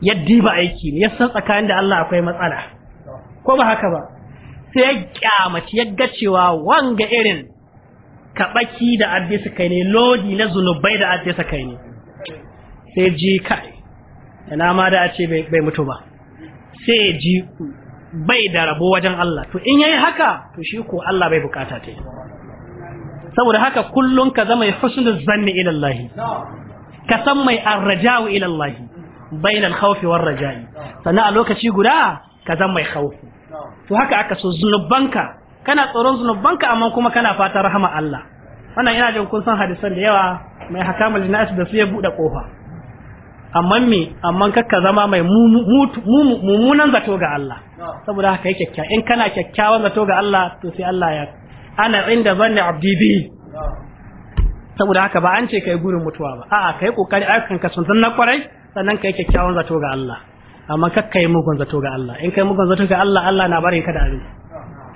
ya diba aiki ne ya san tsakanin da Allah akwai matsala ko ba haka ba sai ya kyamaci ya ga cewa wanga irin kaɓaki da addisa kai ne lodi na zunubai da addisa kai ne sai ji kai ina ma da ce bai mutu ba sai ji bai da rabo wajen Allah to in yayi haka to shi ko Allah bai bukata ta saboda haka kullum ka zama ya husnul zanni ila Allah ka san mai arraja'u ila Allah bainal khawfi war raja'i sannan a lokaci guda ka zan mai khawfi to haka aka so zunubanka kana tsoron zunubanka amma kuma kana fatan rahama Allah wannan ina jin kun san hadisan da yawa mai hakamul nas da su ya bude kofa amma me amma kakka zama mai mummunan zato ga Allah saboda haka yake kyakkyawa in kana kyakkyawan zato ga Allah to sai Allah ya ana inda zanni abdi bi saboda haka ba an ce kai gurin mutuwa ba a'a kai kokari ayyukan ka sun na kwarai sannan kai kyakkyawan zato ga Allah amma kakka yi mugun zato ga Allah in kai mugun zato ga Allah Allah na bari ka da abin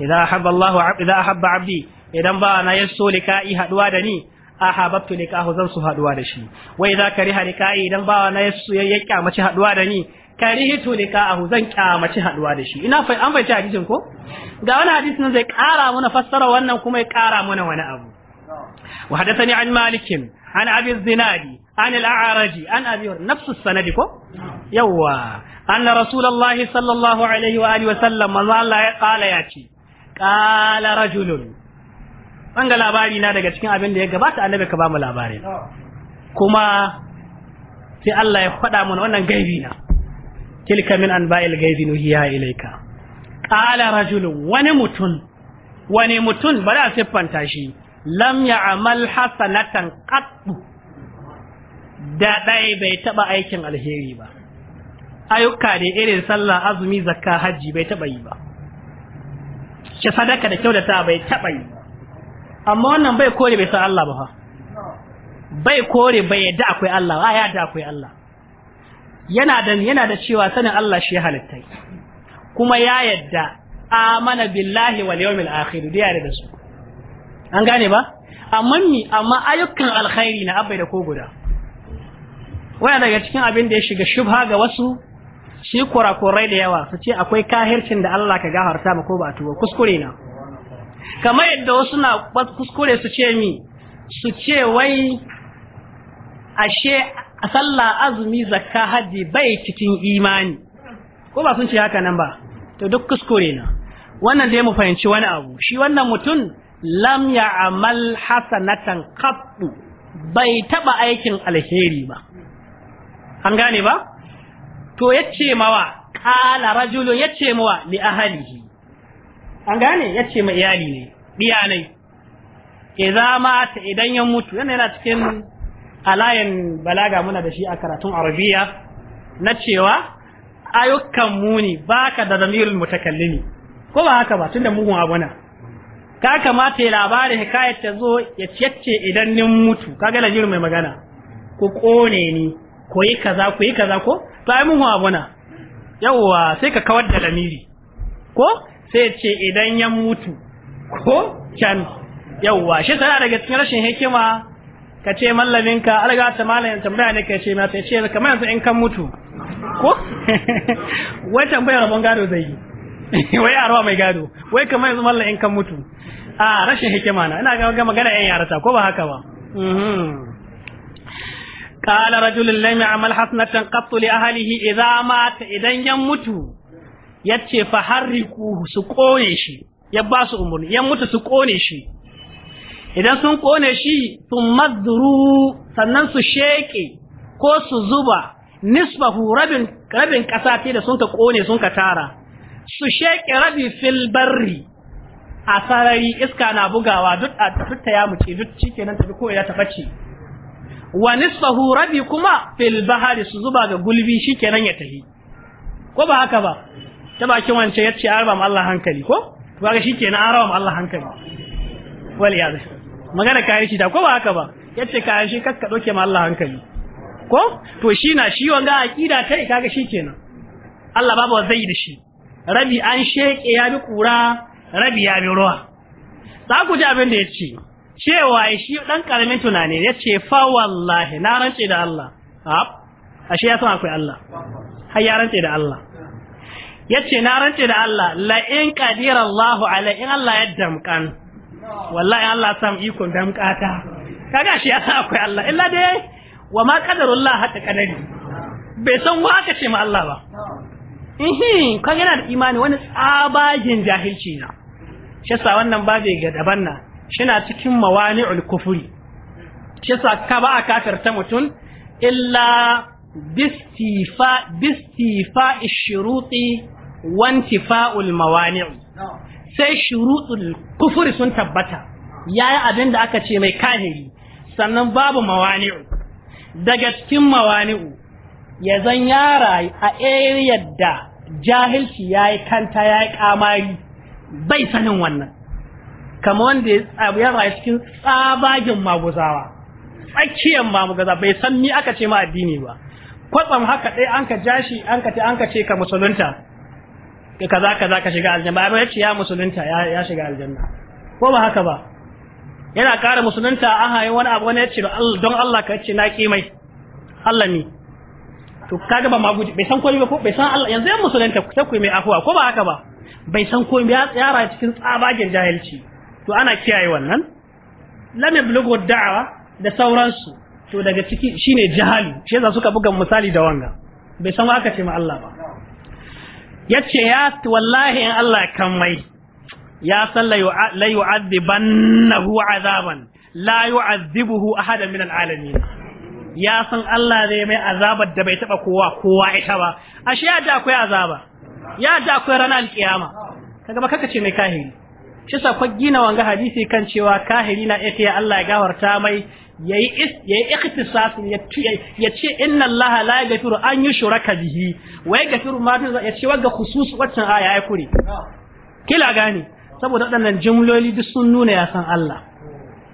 idan ahabba Allah idan ahabba abdi idan ba na yaso lika'i haduwa da ni ahabbtu likahu zan su haduwa da shi wa idan kariha lika'i idan ba na yaso ya kyamaci haduwa da ni karihitu likahu zan kyamaci haduwa da shi ina fa an fahimci hadisin ko ga wani hadisin zai kara mana fassara wannan kuma ya kara mana wani abu وحدثني an malikin, an أبي الزناد عن الأعرج عن أبي نفس السند كو يوا أن رسول الله صلى الله عليه وآله وسلم الله قال ياتي قال رجل an ga labari na daga cikin abin da ya gabata annabi ka bamu labari kuma sai Allah ya faɗa mana wannan gaibi na tilka min anba'il gaibi nuhiya ilaika qala rajulun wani mutum wani mutum bari siffanta shi Lamya ya'mal hasanatan qattu da ɗaya bai taɓa aikin alheri ba ayyuka da irin sallah azumi zakka hajji bai taɓa yi ba shi sadaka da kyau da ta bai taɓa yi amma wannan bai kore bai san Allah ba fa bai kore bai yadda akwai Allah ba ya da akwai Allah yana da yana da cewa sanin Allah shi halittai kuma ya yadda amana billahi wal yawmil akhir da yare da su an gane ba amma ni amma ayyukan alkhairi na abai da ko guda waya daga cikin abin da ya shiga shubha ga wasu shi kurakurai da yawa su ce akwai kahircin da Allah ka gafarta ma ko ba tuba kuskure na kamar yadda wasu na kuskure su ce mi su ce wai ashe sallah azumi zakka haji bai cikin imani ko ba sun ce haka nan ba to duk kuskure na wannan dai mu fahimci wani abu shi wannan mutum lam Amal hasanatan qattu bai taba aikin alheri ba an gane ba to yace mawa qala rajulun yace mawa li ahlihi an gane yace ma iyali ne biyanai idza mata idan ya mutu yana yana cikin alayan balaga muna da shi a karatun arabiya na cewa ayyukan muni baka da zamirul mutakallimi ko ba haka ba tunda mugun abu ka kamata ya labarin hikayar ta zo ya ce idan nin mutu ka kaga lajir mai magana ku kone ni ko yi kaza koyi yi kaza ko to ai mun abuna yawwa sai ka kawar da lamiri ko sai ce idan ya mutu ko can yawwa shi sai daga cikin rashin hikima ka ce mallaminka alga ta malamin tambaya ne ka ce ma sai ce kamar yanzu in kan mutu ko <laughs> wai tambayar rabon gado zai yi <laughs> wai arwa mai gado wai kamar yanzu mallamin kan mutu a ah, rashin hikima na ina ga magana yan yarata ko ba haka ba mhm. قال رجل لم يعمل حسنة قط لأهله إذا مات إذا يموت yace su kone shi ya ba su umurni ya mutu su kone shi idan sun kone shi sun maduru sannan su sheke ko su zuba nisbahu rabin rabin kasa ce da sun ka kone sun ka tara su sheke rabi fil barri a sarari iska na bugawa duk a tutta ya muce duk shikenan tafi ko ya tafaci wa nisfahu rabi kuma fil bahari su zuba ga gulbi shikenan ya tahi ko ba haka ba ta bakin wance yace arba mu Allah hankali ko ba ga shikenan arba mu Allah hankali wal zai magana kai shi ta ko ba haka ba yace kai shi kaska doke ma Allah hankali ko to shi na shi wanga akida kai kaga shikenan Allah babu zai da shi rabi an sheke ya bi kura rabi ya bi ruwa za ku ji abin da yace cewa shi dan karamin tunani ya ce fa wallahi na rance da Allah ashe ya san akwai Allah har ya rance da Allah ya ce na rance da Allah la in qadira ala in Allah ya damkan wallahi Allah sam iko damkata kaga shi ya san akwai Allah illa dai wa ma qadarullah hatta qadari bai san wa aka ce ma Allah ba ihin kan yana da imani wani tsabagin jahilci na shi wannan babe ga daban nan shina cikin mawani'ul kufuri shi sa ka ba a kafirta mutum illa bistifa bistifa shuruti wantifa'ul mawani'u sai shurutul kufuri sun tabbata yayi abin da aka ce mai kahiri sannan babu mawani'u daga cikin mawani'u ya zan yara a area da jahilci yayi kanta yayi kamari bai sanin wannan kama wanda ya rayu cikin tsabagen maguzawa tsakiyar maguzawa bai san ni aka ce ma addini ba kwatsam haka ɗaya an ka jashi an ka ce an ka ce ka musulunta ka kaza kaza ka shiga aljanna ba ya ce ya musulunta ya shiga aljanna ko ba haka ba yana kara musulunta a hayi wani abu wani ya ce don Allah ka ce na kimai Allah ne to kaga ba maguji bai san komai ba ko bai san Allah yanzu ya musulunta ta ku mai afuwa ko ba haka ba bai san komai ya tsara cikin tsabagen jahilci to ana kiyaye wannan lam yablughu da'wa da sauransu to daga ciki shine jahali shi yasa suka buga misali da wanga bai san aka ce ma Allah ba yace ya wallahi in Allah kan mai ya san la yu'adhibannahu azaban la yu'adhibuhu ahadan min alalamin ya san Allah zai mai azabar da bai taba kowa kowa ita ba ashe ya da akwai azaba ya da akwai ranar kiyama kaga ba kaka ce mai kahiri shi sa kwa gina wanga hadisi kan cewa kahiri na ya Allah ya gafarta mai yayi yayi ikhtisas ya ce inna Allah la yaghfiru an yushraka bihi wa gafiru ma ya ce wagga khusus waccan aya ya kure kila gane saboda waɗannan jimloli duk sun nuna ya san Allah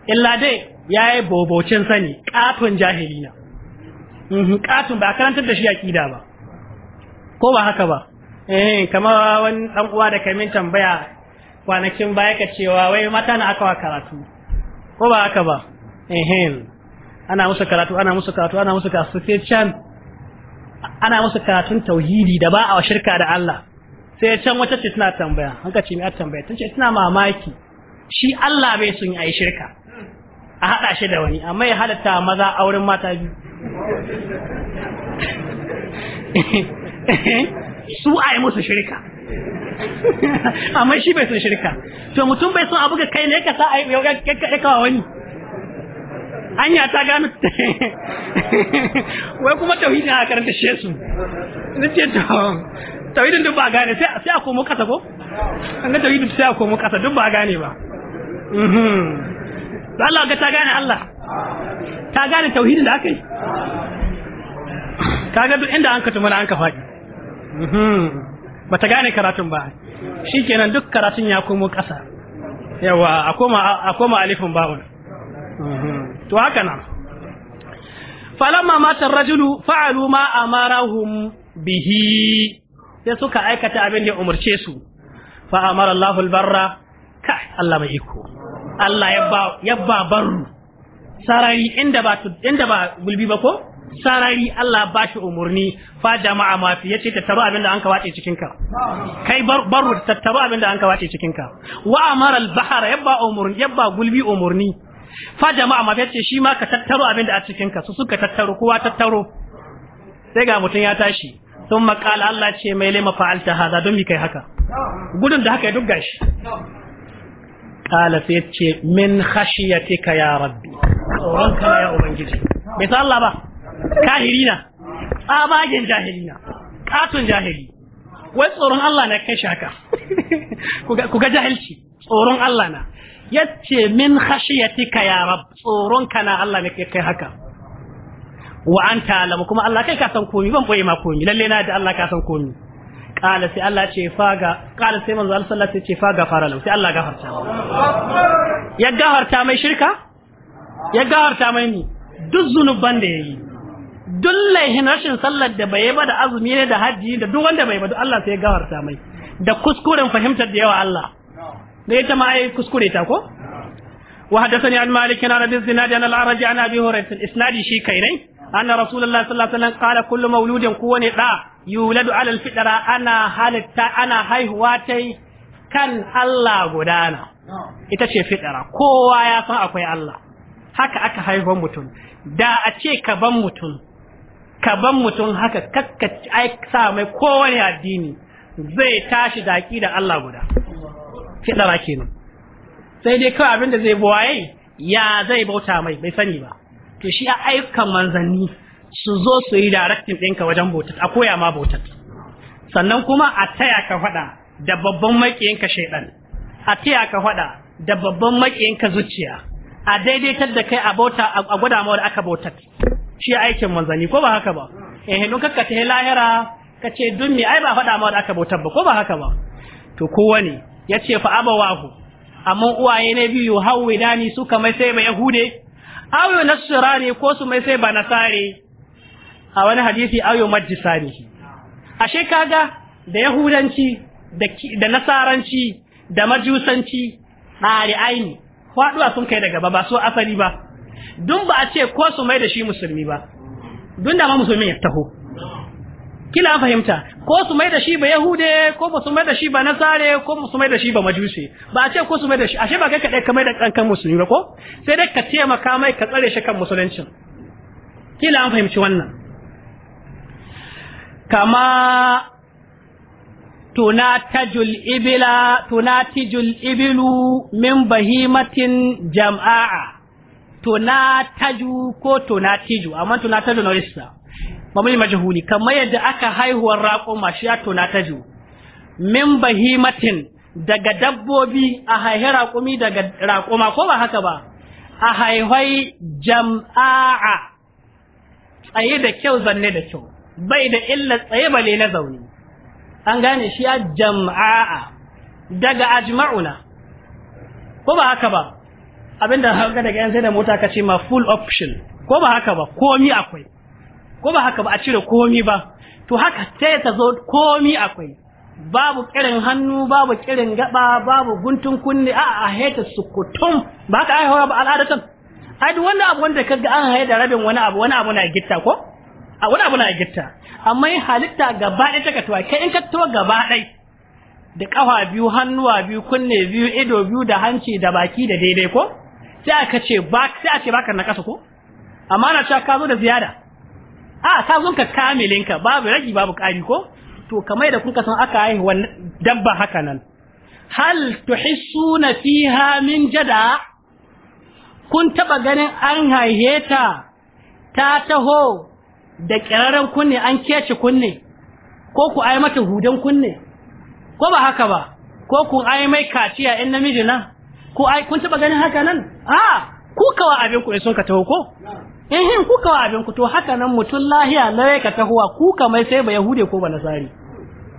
illa dai yayi bobocin sani katon jahilina katun mhm, ba karantar da shi aqida ba ko ba haka ba eh kama wani dan uwa da kamin tambaya kwanakin baya ka cewa wai mata na aka wa karatu ko ba aka ba ehem ana musu karatu ana musu karatu ana musu karatu sai can ana musu karatun tauhidi da ba a shirka da Allah sai can wata ce tana tambaya an ka ce mi tambaya tace tana mamaki shi Allah bai sun yi shirka a hada shi da wani amma ya halatta maza auren mata biyu <laughs> su ai musu shirka <laughs> amma shi bai son shirka to mutum bai son abu ga kai ne ka sa a yau kawo wani anya ta gano <laughs> wai kuma tauhidin a karanta shi su nace to tauhidin duk ba gane sai a komo kasa ko an ga tauhidin sai a komo kasa duk ba gane ba mhm. Allah ga ta gane Allah ta gane tauhidin da aka yi ga duk inda an ka tumana an ka faɗi mhm. bata gane karatun ba shikenan duk karatun ya komo ƙasa yawa a koma alifin ba'un mhm. to haka nan falamma matar rajulu fa'alu ma amarahum bihi sai suka aikata abin da umarce su fa amara Allahu albarra ka Allah mai iko Allah ya ba barru sarari inda ba inda ba gulbi ba ko sarari Allah ba shi umurni fa jama'a ma fi yace tattaro abin da an ka wace cikin ka kai barru tattaro abin da an ka wace cikin ka wa amara al bahar yabba umurun yabba gulbi umurni fa jama'a ma yace shi ma ka tattaro abin da a cikin ka su suka tattaro kowa tattaro sai ga mutun ya tashi sun makala Allah ce mai lema fa'alta hada don mi kai haka gudun da haka ya dugga shi. kala sai ce min khashiyatika ya rabbi tsoron kana ya ubangiji bai san Allah ba kahirina tsabagen jahilina katon jahili wai tsoron Allah na kai shaka ku ga jahilci tsoron Allah na yace min khashiyatika ya rab tsoron na Allah ne kai haka wa anta alamu kuma Allah kai ka san komai ban boye ma komai lalle na da Allah ka san komai qala sai Allah ce faga qala sai manzo Allah sallallahu alaihi ce faga fara lau sai Allah gafarta ya gafarta mai shirka ya gafarta mai ni duk zunuban da yayi duk laihin rashin sallar da bai ba da azumi ne da hajji da duk wanda bai ba Allah sai ya gafarta mai da kuskuren fahimtar da yawa Allah da ita ma ai kuskure ta ko wa hadathani an malik an rabi zinadi an al-araj an abi hurairah isnadi shi kai ne anna rasulullah sallallahu alaihi wasallam qala kullu mawludin kuwani da yuladu ala al ana halitta ana haihuwa tai kan Allah gudana ita ce fitra kowa ya san akwai Allah haka aka haihuwa mutum da a ce ka ban mutum ka ban mutum haka kakka sa mai kowane addini zai tashi daki da Allah guda kidara kenan sai dai kawai abinda zai buwaye ya zai bauta mai bai sani ba to shi a ayyukan manzanni su zo su yi directing ɗinka wajen bautar a koya ma bautar sannan kuma a taya ka faɗa da babban maƙiyinka shaidan a taya ka faɗa da babban maƙiyinka zuciya a daidaitar da kai a bauta a gwada mawar aka bautar shi aikin manzanni ko ba haka ba eh don kakka ta lahira ka ce ai ba faɗa ma da aka bautar ba ko ba haka ba to kowa ne ya ce fa abawahu amma uwaye ne biyu dani su mai sai ba yahude aw nasrani ko su mai sai ba sare? a wani hadisi aw majisani ashe kaga da yahudanci da da nasaranci da majusanci ɗari aini faɗuwa sun kai daga ba ba su asali ba dun ba a ce ko su mai da shi musulmi ba dun da ma musulmin ya taho kila an fahimta ko su mai da shi ba yahude ko ba su mai da shi ba nasare ko ba su mai da shi ba majusi ba a ce ko su mai da shi ashe ba kai kaɗai ka mai da kan musulmi ba ko sai dai ka taimaka mai ka tsare shi kan musuluncin kila an fahimci wannan kama tunatijul ibila tunatijul ibilu min bahimatin jama'a tonataju ko tonatiju amma taju na rissa mamuli majhuli kamar yadda aka haihuwar raƙuma shi ya tonataju min bahimatin daga dabbobi a haihe raƙumi daga raƙuma ko ba haka ba a haihai jam'a'a tsaye da kyau zanne da kyau bai da illa tsaye bale na zaune an gane shi ya jam'a'a daga ajma'una ko ba haka ba abinda haka daga yan sai da mota ka ce ma full option ko ba haka ba komi akwai ko ba haka ba a cire komi ba to haka sai ta zo komi akwai babu kirin hannu babu kirin gaba babu guntun kunne a a haita sukutum ba ka aihawa ba al'adatan ai duk wani abu wanda kaga an haida da rabin wani abu wani abu na gitta ko a wani abu na gitta amma yin halitta gaba ɗaya take tuwa kai in ka gaba ɗaya da kafa biyu hannuwa biyu kunne biyu ido biyu da hanci da baki da daidai ko sai aka ce ba sai a baka na kasa ko amma na cewa ka zo da ziyada a ka zo ka kamilin ka babu ragi babu kari ko to kamar da kuka san aka yi wannan dabba haka nan hal tuhissuna fiha min jada kun taba ganin an haihe ta ta taho da kiraren kunne an kece kunne ko ku ai mata hudan kunne ko ba haka ba ko ku ai mai kaciya in namiji na ko ai kun taba ganin haka nan a ku kawa abin ku sun ka taho ko eh ku kawa abin ku to haka nan mutun lahiya lai ka tahowa ku kamar sai ba yahude ko ba nasari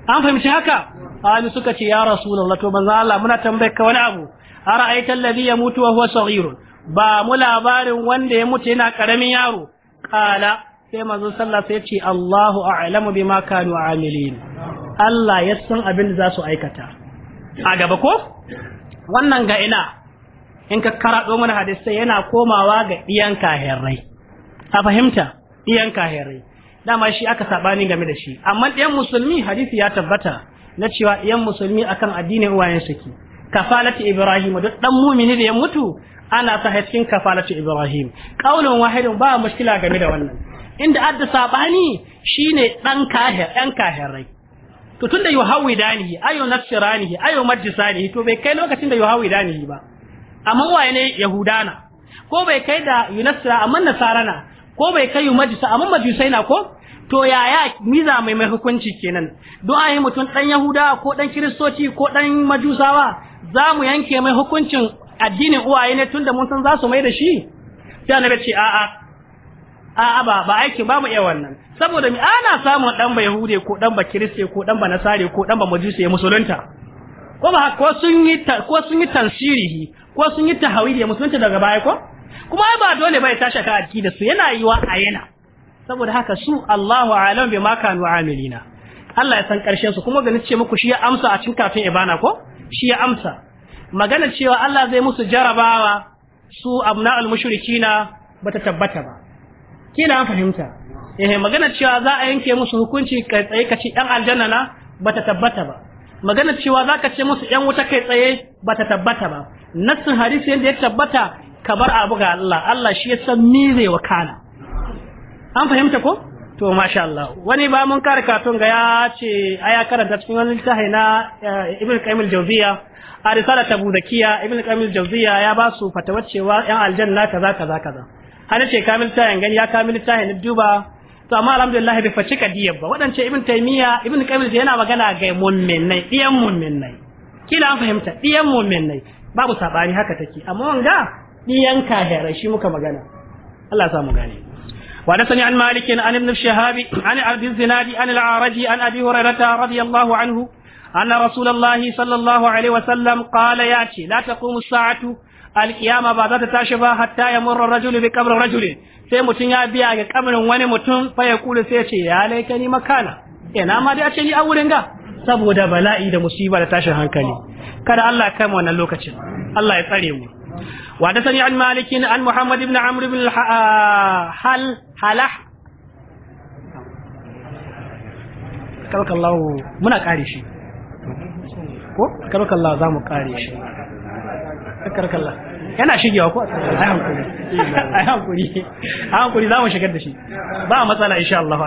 an fahimci haka Ali suka ce ya rasulullah to manzo Allah muna tambayar ka wani abu Ara aita alladhi yamutu wa huwa saghir ba mu labarin wanda ya mutu yana karamin yaro kala sai manzo sallah sai ce Allahu a'lamu bima kanu amilin Allah ya san abin da za su aikata a gaba ko wannan ga ina in ka karaɗo mana hadisai yana komawa ga iyan kahirai a fahimta iyan kahirai dama shi aka sabani game da shi amma ɗiyan musulmi hadisi ya tabbata na cewa ɗiyan musulmi akan addinin uwayen suke kafalatu ibrahim duk dan mumini da ya mutu ana sa haskin kafalatu ibrahim kaulun wahidun ba mushkila game da wannan inda adda sabani shine dan kahir ɗan kahirai to tunda yuhawidanihi ayu nasiranihi ayu majisanihi to bai kai lokacin da yuhawidanihi ba amma waye ne yahudana ko bai kai da yunasira amma nasarana ko bai kai majisa amma majusaina ko to yaya miza mai mai hukunci kenan don ai mutum dan yahuda ko dan kiristoci ko dan majusawa za mu yanke mai hukuncin addinin uwaye ne tunda mun san za su mai da shi sai annabi ce a'a a'a ba ba aikin ba mu iya wannan saboda mi ana samun dan ba yahude ko dan ba kiriste ko dan ba nasare ko dan ba majusi ya musulunta ko ba ko sun yi ko sun yi tansirihi ko sun yi tahawili ya musulunta daga baya ko kuma ai ba dole bai tashi ka akida su yana yiwa a yana saboda haka su Allahu a'lam ma kanu amilina Allah ya san karshen su kuma ganin ce muku shi ya amsa a cikin kafin ibana ko shi ya amsa magana cewa Allah zai musu jarabawa su al mushrikina bata tabbata ba Kina an fahimta eh magana cewa za a yanke musu hukunci kai tsaye ka yan aljanna na bata tabbata ba magana cewa za ka ce musu yan wuta kai tsaye bata tabbata ba nassin hadisi yadda ya tabbata ka bar abu ga Allah Allah shi ya san ni zai wakala an fahimta ko to masha Allah wani ba mun kare katon ga ya ce aya karanta cikin wani littafi na eh, Ibn Qayyim al-Jawziyya a risala ta Budakiya Ibn Qayyim al ya ba su fatawar cewa yan aljanna kaza kaza kaza har ce kamil tayin gani ya kamil tayin duba to amma alhamdulillah bai faci kadiyar ba wadance ibn taymiya ibn qabil yana magana ga mu'minai diyan mu'minai kila an fahimta diyan mu'minai babu sabani haka take amma wanga diyan kahirai shi muka magana Allah ya samu gane وحدثني عن مالك عن ابن الشهاب عن عبد الزناد عن العارج عن ابي هريره رضي الله عنه ان رسول الله صلى الله عليه وسلم قال ياتي لا تقوم الساعه alkiyama ba za ta tashi ba hatta ya murra rajulu bi qabrin rajulin sai mutum ya biya ga kabrin wani mutum fa ya kula sai ya ce ya laika ni makana ina ma dai a ce ni a wurin ga saboda bala'i da musiba da tashin hankali kada Allah ya kai mu wannan lokacin Allah ya tsare mu wa da sani an malikin an muhammad ibn amr ibn ah, hal halah kalkallahu muna kare shi ko kalkallahu za mu kare shi kalkallahu yana shigewa ko ai hankuri ai hankuri ai hankuri za mu shigar da shi ba matsala insha Allah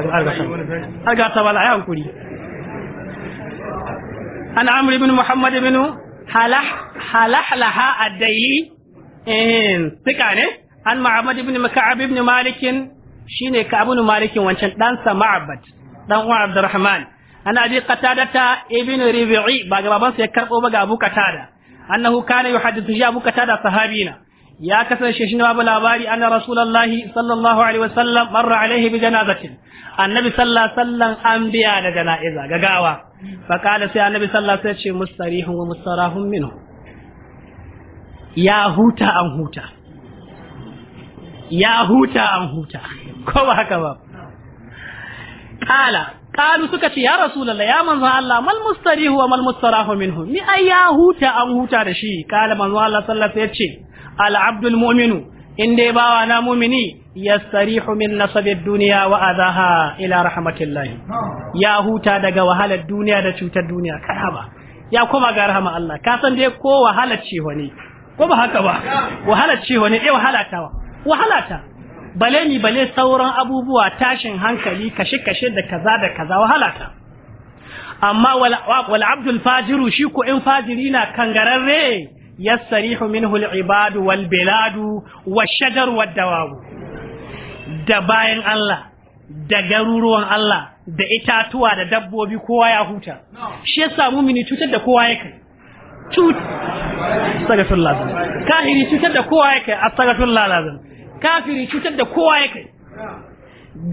har ga ta bala ai hankuri an amri ibn muhammad ibn halah halahlaha ad-daili eh tika ne an Muhammad ibn maka'ab ibn malik shine ka'ab ibn malik wancan dan sa ma'abad dan uwa abdurrahman an abi qatada ibn rabi'i ba gaban sa ya karbo ba ga abu qatada annahu kana yuhaddithu ya abu katada sahabina ya kasance shi ne babu labari anna rasulullahi sallallahu alaihi wasallam marra alaihi bi janazatin annabi sallallahu alaihi wasallam an biya da janaiza gagawa fa kala sai annabi sallallahu alaihi wasallam ce mustarihun wa mustarahun minhu ya huta an huta ya huta an huta ko ba haka ba kala kalu suka ce ya rasulullah ya manzo Allah mal mustarihu wa mal mustarahu minhu mi ai ya huta an huta da shi kala manzo Allah sallallahu alaihi wasallam yace al abdul mu'minu in dai bawa na mu'mini yastarihu min nasabid dunya wa adaha ila rahmatillahi ya huta daga wahalar duniya da cutar duniya kada ba ya koma ga rahama Allah ka san dai ko wahalar ce wani ko ba haka ba wahalar ce wani eh wahala ta wahala ta bale ni bale sauran abubuwa tashin hankali kashe kashe da kaza da kaza wahalata. amma wal abdul fajiru shi ko in fajiri na kangararre yassarihu minhu al ibadu wal biladu washajar wad dawabu da bayan Allah da garuruwan Allah da itatuwa da dabbobi kowa ya huta shi yasa mumini cutar da kowa yake cut lazim kahiri cutar da kowa yake astagfirullah lazim kafiri cutar da kowa ya kai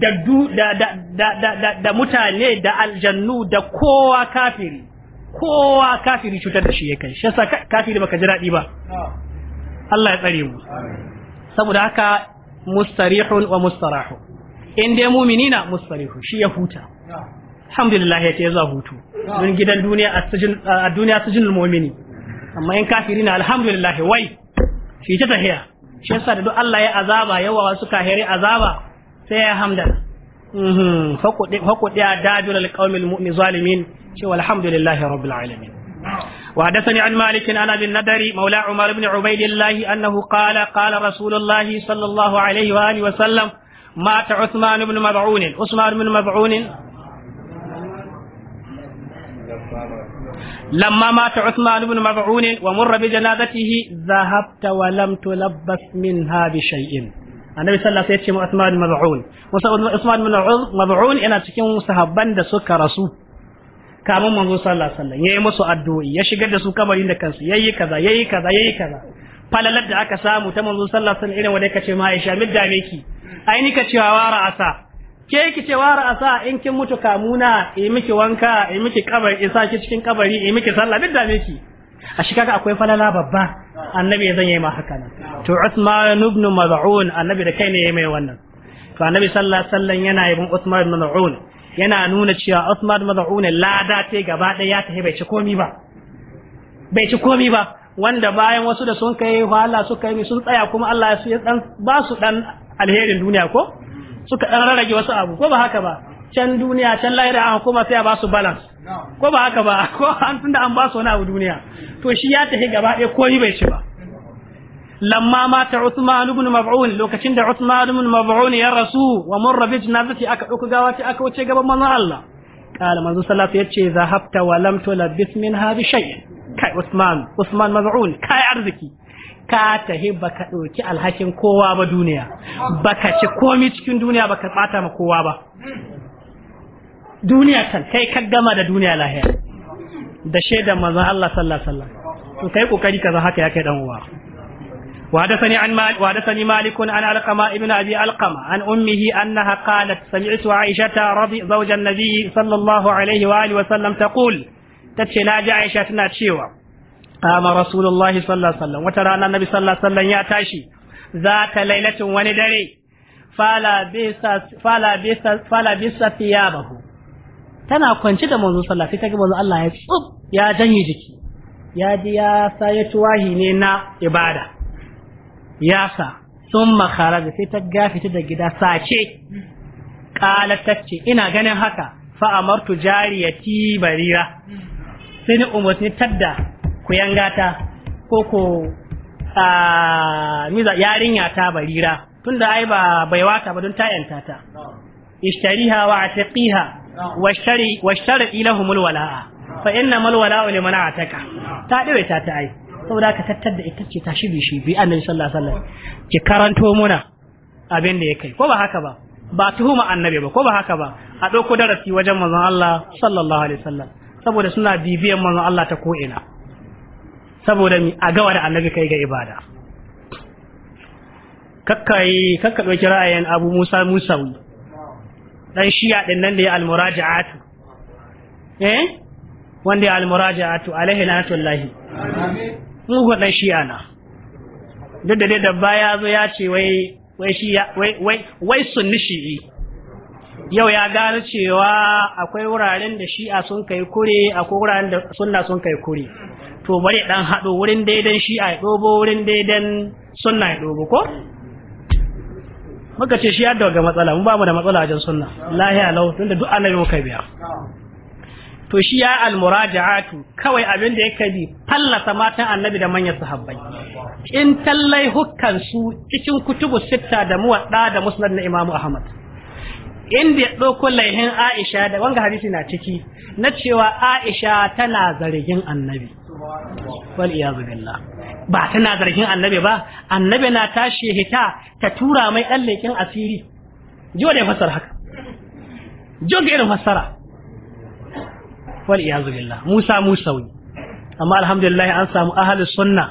da da da da da da mutane da aljannu da kowa kafiri kowa kafiri cutar da shi ya kai shi kafiri baka ji daɗi ba Allah ya tsare mu saboda haka mustarihun wa mustarahu in dai mu'minina mustarihu shi ya huta alhamdulillah ya ce za hutu don gidan duniya a duniya sujinul mu'mini amma in kafiri na alhamdulillah wai shi ta tahiya shi yasa da duk Allah ya azaba yawa wasu kahiri azaba sai ya hamdana mhm fakuɗi a dajul alƙawmin mu'min zalimin cewa alhamdulillahi rabbil alamin وحدثني عن مالك عن ابي النضر مولى عمر بن عبيد الله انه قال قال رسول الله صلى الله عليه واله وسلم مات عثمان بن مبعون عثمان بن مبعون لما مات عثمان بن مبعون ومر بجنازته ذهبت ولم تلبس منها بشيء annabi sallallahu alaihi wasallam ya ce Usman Mab'un musa Usman bin Mab'un yana cikin sahabban da suka rasu kamun manzo sallallahu alaihi wasallam yayi musu addu'o'i ya shigar da su kabarin da kansu yayi kaza yayi kaza yayi kaza falalar da aka samu ta manzo sallallahu alaihi wasallam irin wanda kace ma Aisha mid miki ai ni ka cewa wara asa ke ki ce a sa in kin mutu kamuna yi miki wanka yi miki kabari in sa ki cikin kabari yi miki sallah duk da miki a shi kaka akwai falala babba annabi ya zanye ma haka nan to usman ibn Maz'un annabi da kai ne yayi mai wannan to annabi sallallahu alaihi wasallam yana yabin usman ibn Maz'un yana nuna cewa usman ibn Maz'un lada ta gaba daya ta bai ci komi ba bai ci komi ba wanda bayan wasu da sun kai wahala suka yi sun tsaya kuma Allah ya dan ba su dan alherin duniya ko suka ɗan rarrage wasu abu ko ba haka ba can duniya can lahira an koma sai a ba su balance ko ba haka ba <laughs> ko an tunda an ba su wani abu duniya to shi ya tafi gaba ɗaya komi bai ci ba lamma mata Uthman ibn Mab'un lokacin da Uthman ibn Mab'un ya rasu wa murra bi janazati aka ɗauka gawa ta aka wuce gaban manzon Allah kala manzon sallallahu alaihi wasallam yace zahabta wa lam tulabis min hadhi shay kai Uthman Uthman Mab'un kai arziki ka tahi baka ɗauki alhakin kowa ba duniya baka ci komi cikin duniya ka ɓata ma kowa ba duniya kan kai ka gama da duniya lahiya da shaidan manzon Allah sallallahu alaihi wasallam to kai kokari kaza haka ya kai dan uwa وحدثني عن مالك وحدثني مالك عن علقمة ابن أبي علقمة عن أمه أنها قالت سمعت عائشة رضي زوج النبي صلى الله عليه وآله وسلم تقول تتشي ناجي عائشة qama rasulullahi sallallahu alaihi wata rana nabi sallallahu alaihi wasallam ya tashi za ta lailatin wani dare fala bisa fala bisa tana kwance da manzo sallallahu sai ta ga manzo Allah ya tsub ya janye jiki ya ji ya sa ya ne na ibada ya sa sun makara sai ta gafita da gida sace kalatacce ina ganin haka fa'amartu jariyati barira sai ni umarni ku yangata ko ko a miza yarinya ta barira tunda ai ba wata ba don ta yanta ta ishtariha wa atiqiha wa shari wa shari ilahumul walaa fa inna mal walaa liman ataka ta dire ta ta ai saboda ka tattar da ita ce ta shibi shi bi annabi sallallahu alaihi wasallam ki karanto muna abin da ya kai ko ba haka ba ba tuhuma annabi ba ko ba haka ba a ɗauko darasi wajen manzon Allah sallallahu alaihi wasallam saboda suna bibiyan manzon Allah ta ko ina saboda mi a gawa da annabi kai ga ibada kakkai kakka ɗauki ra'ayin abu musa musawi dan shiya din nan da ya almuraja'atu eh wanda ya almuraja'atu alaihi amin mu ga shiya na duk da dai da baya zo ya ce wai wai shi wai wai wai sunni shi'i yau ya gano cewa akwai wuraren da shi'a sun kai kure akwai wuraren da sunna sun kai kure to bari dan hado wurin daidan shi ya dobo wurin daidan sunna ya dobo ko muka ce shi dawo ga matsala mu ba mu da matsala wajen sunna lahi alau tunda duk annabi muka biya to shi ya almuraja'atu kawai abin da yake bi fallasa matan annabi da manyan sahabbai in tallai hukkan su cikin kutubu sitta da muwadda da musnad na imamu ahmad inda ya ɗauko laihin aisha da wanga hadisi na ciki na cewa aisha tana zargin annabi waliyazu billah ba tana zargin annabi ba annabi na tashi hita ta tura mai dan lekin asiri jiwa da fasara haka jiwa da irin fasara waliyazu billah musa musawi amma alhamdulillah an samu ahli sunna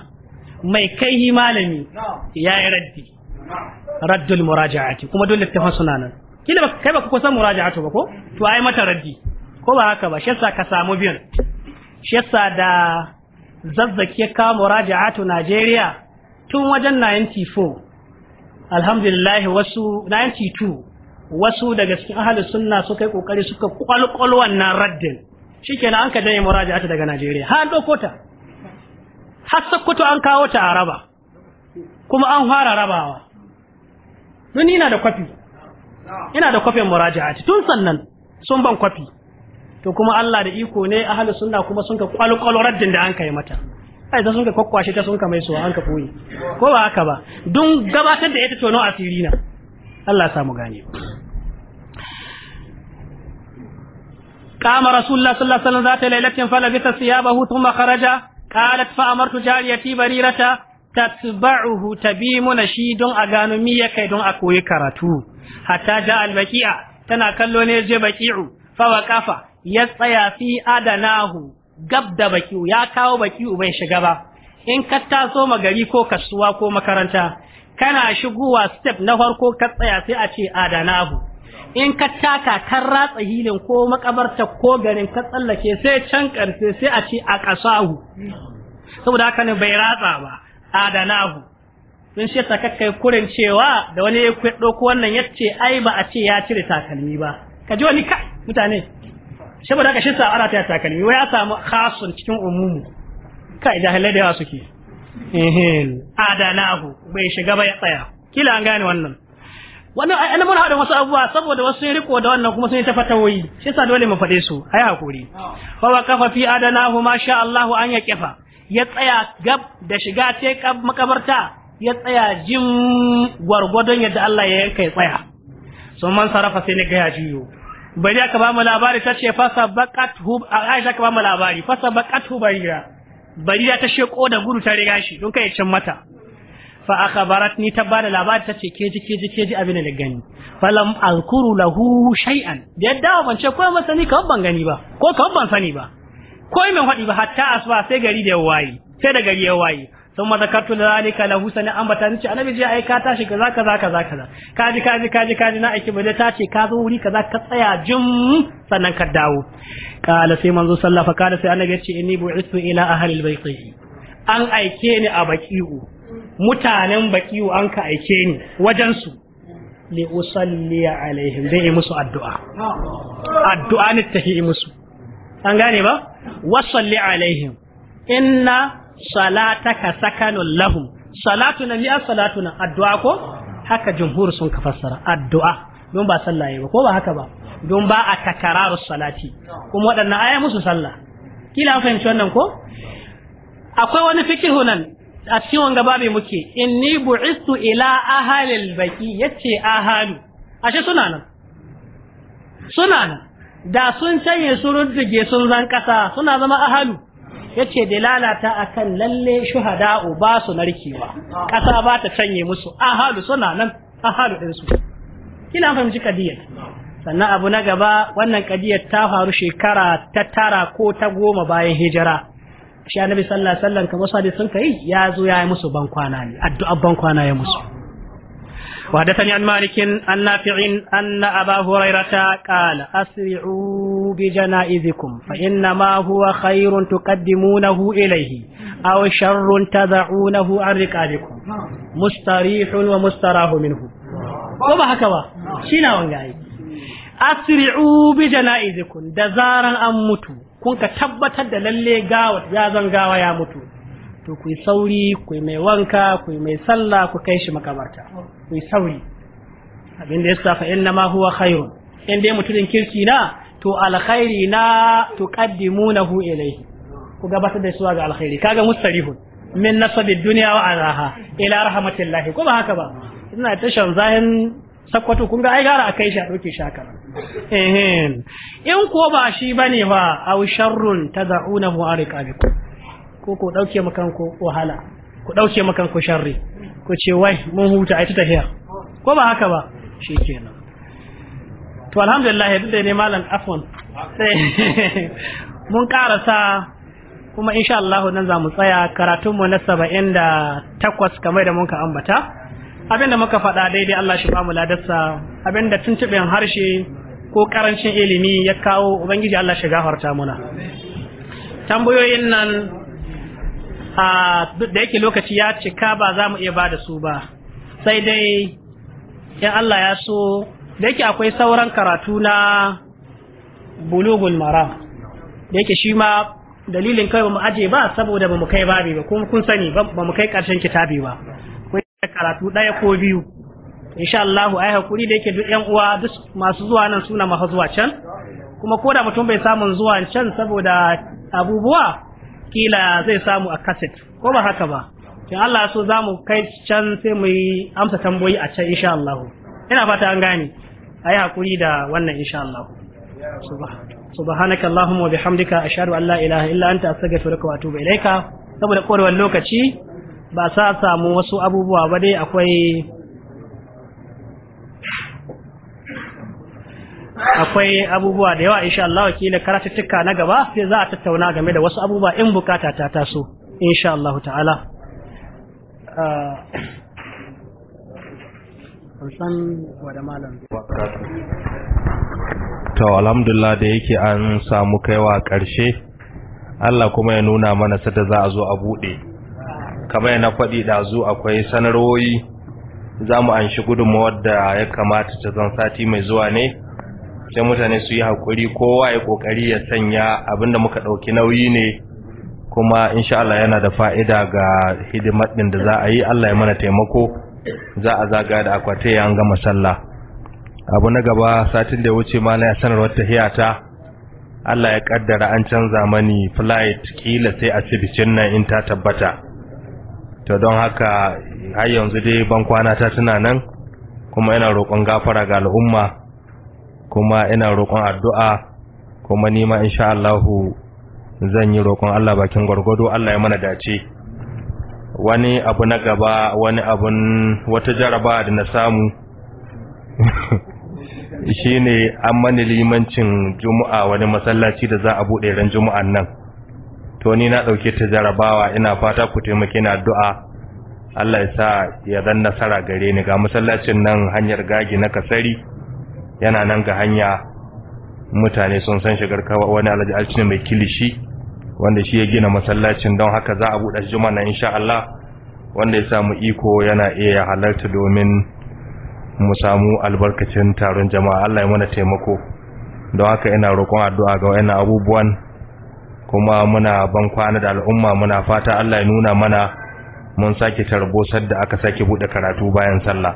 mai kai malami ya yi raddi raddul muraja'ati kuma dole ta suna nan kila ba kai ba ku san muraja'atu ba ko to ai mata raddi ko ba haka ba shi yasa ka samu biyan shi yasa da zazzaki ya kawo muraja'atu Najeriya tun wajen 94 alhamdulillah wasu 92 wasu daga cikin ahlus sunna suka yi kokari suka kwalkwal wannan raddin shikenan an ka janye muraja'atu daga Najeriya Ha an doko ta har sakkuto an kawo ta araba kuma an fara rabawa don ina da kwafi ina da kwafin muraja'atu tun sannan sun ban kwafi to kuma Allah da iko ne ahli sunna kuma sun ka kwalkwalo raddin da an kai mata ai da sun ka kwakwashe ta sun ka mai suwa an ka koyi ko ba haka ba dun gabatar da ita to no asirina Allah ya samu gane kama rasulullah sallallahu alaihi wasallam zata lailatin fala bi tasiyabahu thumma kharaja qalat fa amartu jariyati barirata tatba'uhu tabimu don a gano mi kai don a koyi karatu hatta ja al-baqi'a tana kallo ne je baqi'u fa waqafa ya tsaya fi adanahu gab da bakiu ya kawo bakiu bai shiga ba in ka taso magari ko kasuwa ko makaranta kana shigowa step na farko ka tsaya sai a ce adanahu in ka taka kan ratsa hilin ko makabarta ko garin ka tsallake sai can karfe sai a ce a kasahu saboda haka ne bai ratsa ba adanahu sun shi sakakkai kurin cewa da wani ya kwaɗo ko wannan ya ce ai ba a ce ya cire takalmi ba ka ji wani ka mutane saboda haka shi sa ana ta takalmi wai ya samu khasun cikin umumu kai jahilai da yawa suke ehin adanahu bai shiga ba ya tsaya kila an gane wannan wannan ai mun hada wasu abubuwa saboda wasu sun riko da wannan kuma sun ta fatawoyi shi sa dole mu fade su ai hakuri fa wa kafa fi adanahu ma sha Allah an ya kifa ya tsaya gab da shiga ce makabarta ya tsaya jin gwargwadon yadda Allah ya yanka ya tsaya sun man sarrafa sai ni ga ya juyo bari aka ba mu labari ta ce fasa baqathu Aisha ka ba mu labari fasa barira ta sheko da gudu ta riga shi don kai cin mata fa ni ta bada labari ta ce keji keji keji abin da gani falam alkuru lahu shay'an da yadda ban ce ko masa ni kan ban gani ba ko kan ban sani ba ko mai fadi ba hatta asuba sai gari da yawayi sai da gari ya sun mazakartu da zalika lahu sani ambata ni ce annabi ai ka tashi kaza kaza kaza kaza kaji kaji kaji kaji na aiki bada ta ce ka zo wuri kaza ka tsaya jim sannan ka dawo kala sai manzo sallafa kala sai annabi ya ce inni bu'istu ila ahli albayti an aike ni a baqi'u mutanen baqi'u an ka aike ni wajen su li usalli alaihim dai musu addu'a addu'a ne tahi musu an gane ba wasalli alaihim inna salataka sakanun lahum salatuna mi'a salatuna addu'a ko haka jumhur sun ka fassara addu'a don ba sallah ba ko ba haka ba don ba a takararu salati kuma waɗannan aya musu sallah kila an fahimci wannan ko akwai wani fikihu nan a cikin wanga babu muke inni bu'istu ila ahalil baqi yace ahalu ashe suna nan suna nan da sun canye sun ruddige sun zan kasa suna zama ahalu ya ce da yace lalata akan lalle shuhada'u ba su narkewa ƙasa ba ta canye musu ahalu suna nan ahalu halu ɗinsu kina fahimci kadiyar sannan abu na gaba wannan ƙadiyar ta faru shekara ta tara ko ta goma bayan hijira shi annabi sallallahu alaihi wasallam kamar sun kai ya zo ya yi musu ban kwana ne addu'a ban ya musu وحدثني عن مالك عن نافع أن أبا هريرة قال أسرعوا بجنائزكم فإنما هو خير تقدمونه إليه أو شر تدعونه عن رقابكم مستريح ومستراه منه وما هكذا شنا وانجاي أسرعوا بجنائزكم دزارا أموتوا كنت تبتد للي قاوت يا زنقاوة يا متو to ku yi sauri ku yi mai wanka ku yi mai sallah ku kai shi makabarta ku yi sauri abin da ya safa in ma huwa khairun in dai mutumin kirki na to alkhairi na tuqaddimunahu ilayhi ku gabatar da suwa ga alkhairi kaga mustarihun min nasabi dunya wa araha ila rahmatillahi Kuma ba haka ba ina tashan zahin sakwato kun ga ai gara akai shi a doke shi haka in ko ba shi bane fa aw sharrun tad'unahu ariqabikum ko ku ɗauke makanku wahala ku ɗauke makanku sharri ku ce wai mun huta a ta tafiya ko ba haka ba shi kenan to alhamdulillah duk dai ne malam afwan <laughs> mun karasa kuma insha Allah nan za mu tsaya karatunmu na saba'in da takwas kamar da muka ambata abinda muka faɗa daidai Allah shi ba mu ladarsa abinda tuntuɓin harshe ko karancin ilimi ya kawo ubangiji Allah shi gafarta muna tambayoyin nan a duk da yake lokaci ya cika ba za mu iya ba da su ba sai dai in Allah ya so da yake akwai sauran karatu na bulugul Mara. da yake shi ma dalilin kai ba mu aje ba saboda ba mu kai babi ba kuma kun sani ba mu kai karshen kitabi ba akwai karatu ɗaya ko biyu insha Allah ai hakuri da yake duk yan uwa duk masu zuwa nan suna masu zuwa can kuma ko da mutum bai samun zuwa can saboda abubuwa kila zai samu a kaset ko ba haka ba in Allah so za mu kai can sai mu yi amsa tamboyi a can insha Allah ina fata an gane a yi haƙuri da wannan insha Allah subhanaka Allahumma wa bihamdika ashhadu an la ilaha illa anta astaghfiruka wa atubu ilaika saboda korewar lokaci ba sa samu wasu abubuwa ba dai akwai akwai abubuwa da yawa insha Allah kila karatuttuka na gaba sai za a tattauna game da wasu abubuwa in bukata ta taso insha Allah ta'ala ah, to alhamdulillah da yake an samu kaiwa karshe Allah kuma ya nuna mana sada za a zo a bude kamar yana faɗi ɗazu akwai sanarwoyi za mu an shi gudunmu da ya kamata ta zan sati mai zuwa ne sai mutane su yi hakuri kowa ya kokari ya sanya abinda muka ɗauki nauyi ne kuma insha Allah yana da fa'ida ga hidimar ɗin da za a yi Allah ya mana taimako za a zaga da akwate ya gama sallah abu na gaba satin da ya wuce ma na sanarwar ta Allah ya kaddara an canza mani flight kila sai a cibicin nan in ta tabbata to don haka har yanzu dai ban kwana ta tuna nan kuma yana roƙon gafara ga al'umma kuma ina roƙon addu'a kuma nima insha Allahu zan yi roƙon Allah bakin gwargwado Allah ya mana dace wani abu na gaba wani abun wata jaraba da na samu <laughs> shine an mani limancin juma'a wani masallaci da za a buɗe ran juma'an nan to ni na ɗauke ta jarabawa ina fata ku taimake na addu'a Allah ya sa ya zan nasara gare ni ga masallacin nan hanyar gagi na kasari yana nan ga hanya mutane sun san shigar kawa wani alhaji alci mai kilishi wanda shi ya gina masallacin don haka za a buɗe juma'a na insha Allah wanda ya samu iko yana iya halarta domin mu samu albarkacin taron jama'a Allah ya mana taimako don haka ina roƙon addu'a ga wayannan abubuwan kuma muna ban kwana da al'umma muna fata Allah ya nuna mana mun sake tarbo da aka sake buɗe karatu bayan sallah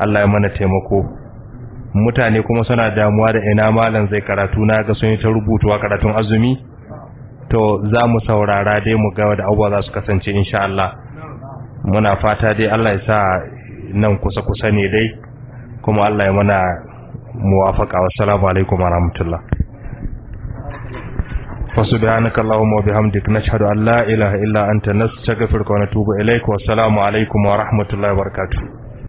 Allah ya mana taimako mutane kuma suna damuwa da ina malam zai karatu na ga sun yi ta rubutuwa karatun azumi to za mu saurara dai mu ga da abuwa za su kasance insha Allah muna fata dai Allah ya sa nan kusa kusa ne dai kuma Allah ya mana muwafaqa wassalamu alaikum wa rahmatullah fa subhanaka allahumma wa bihamdika nashhadu an la ilaha illa anta nastaghfiruka wa natubu ilaik wa assalamu alaikum wa rahmatullahi wa barakatuh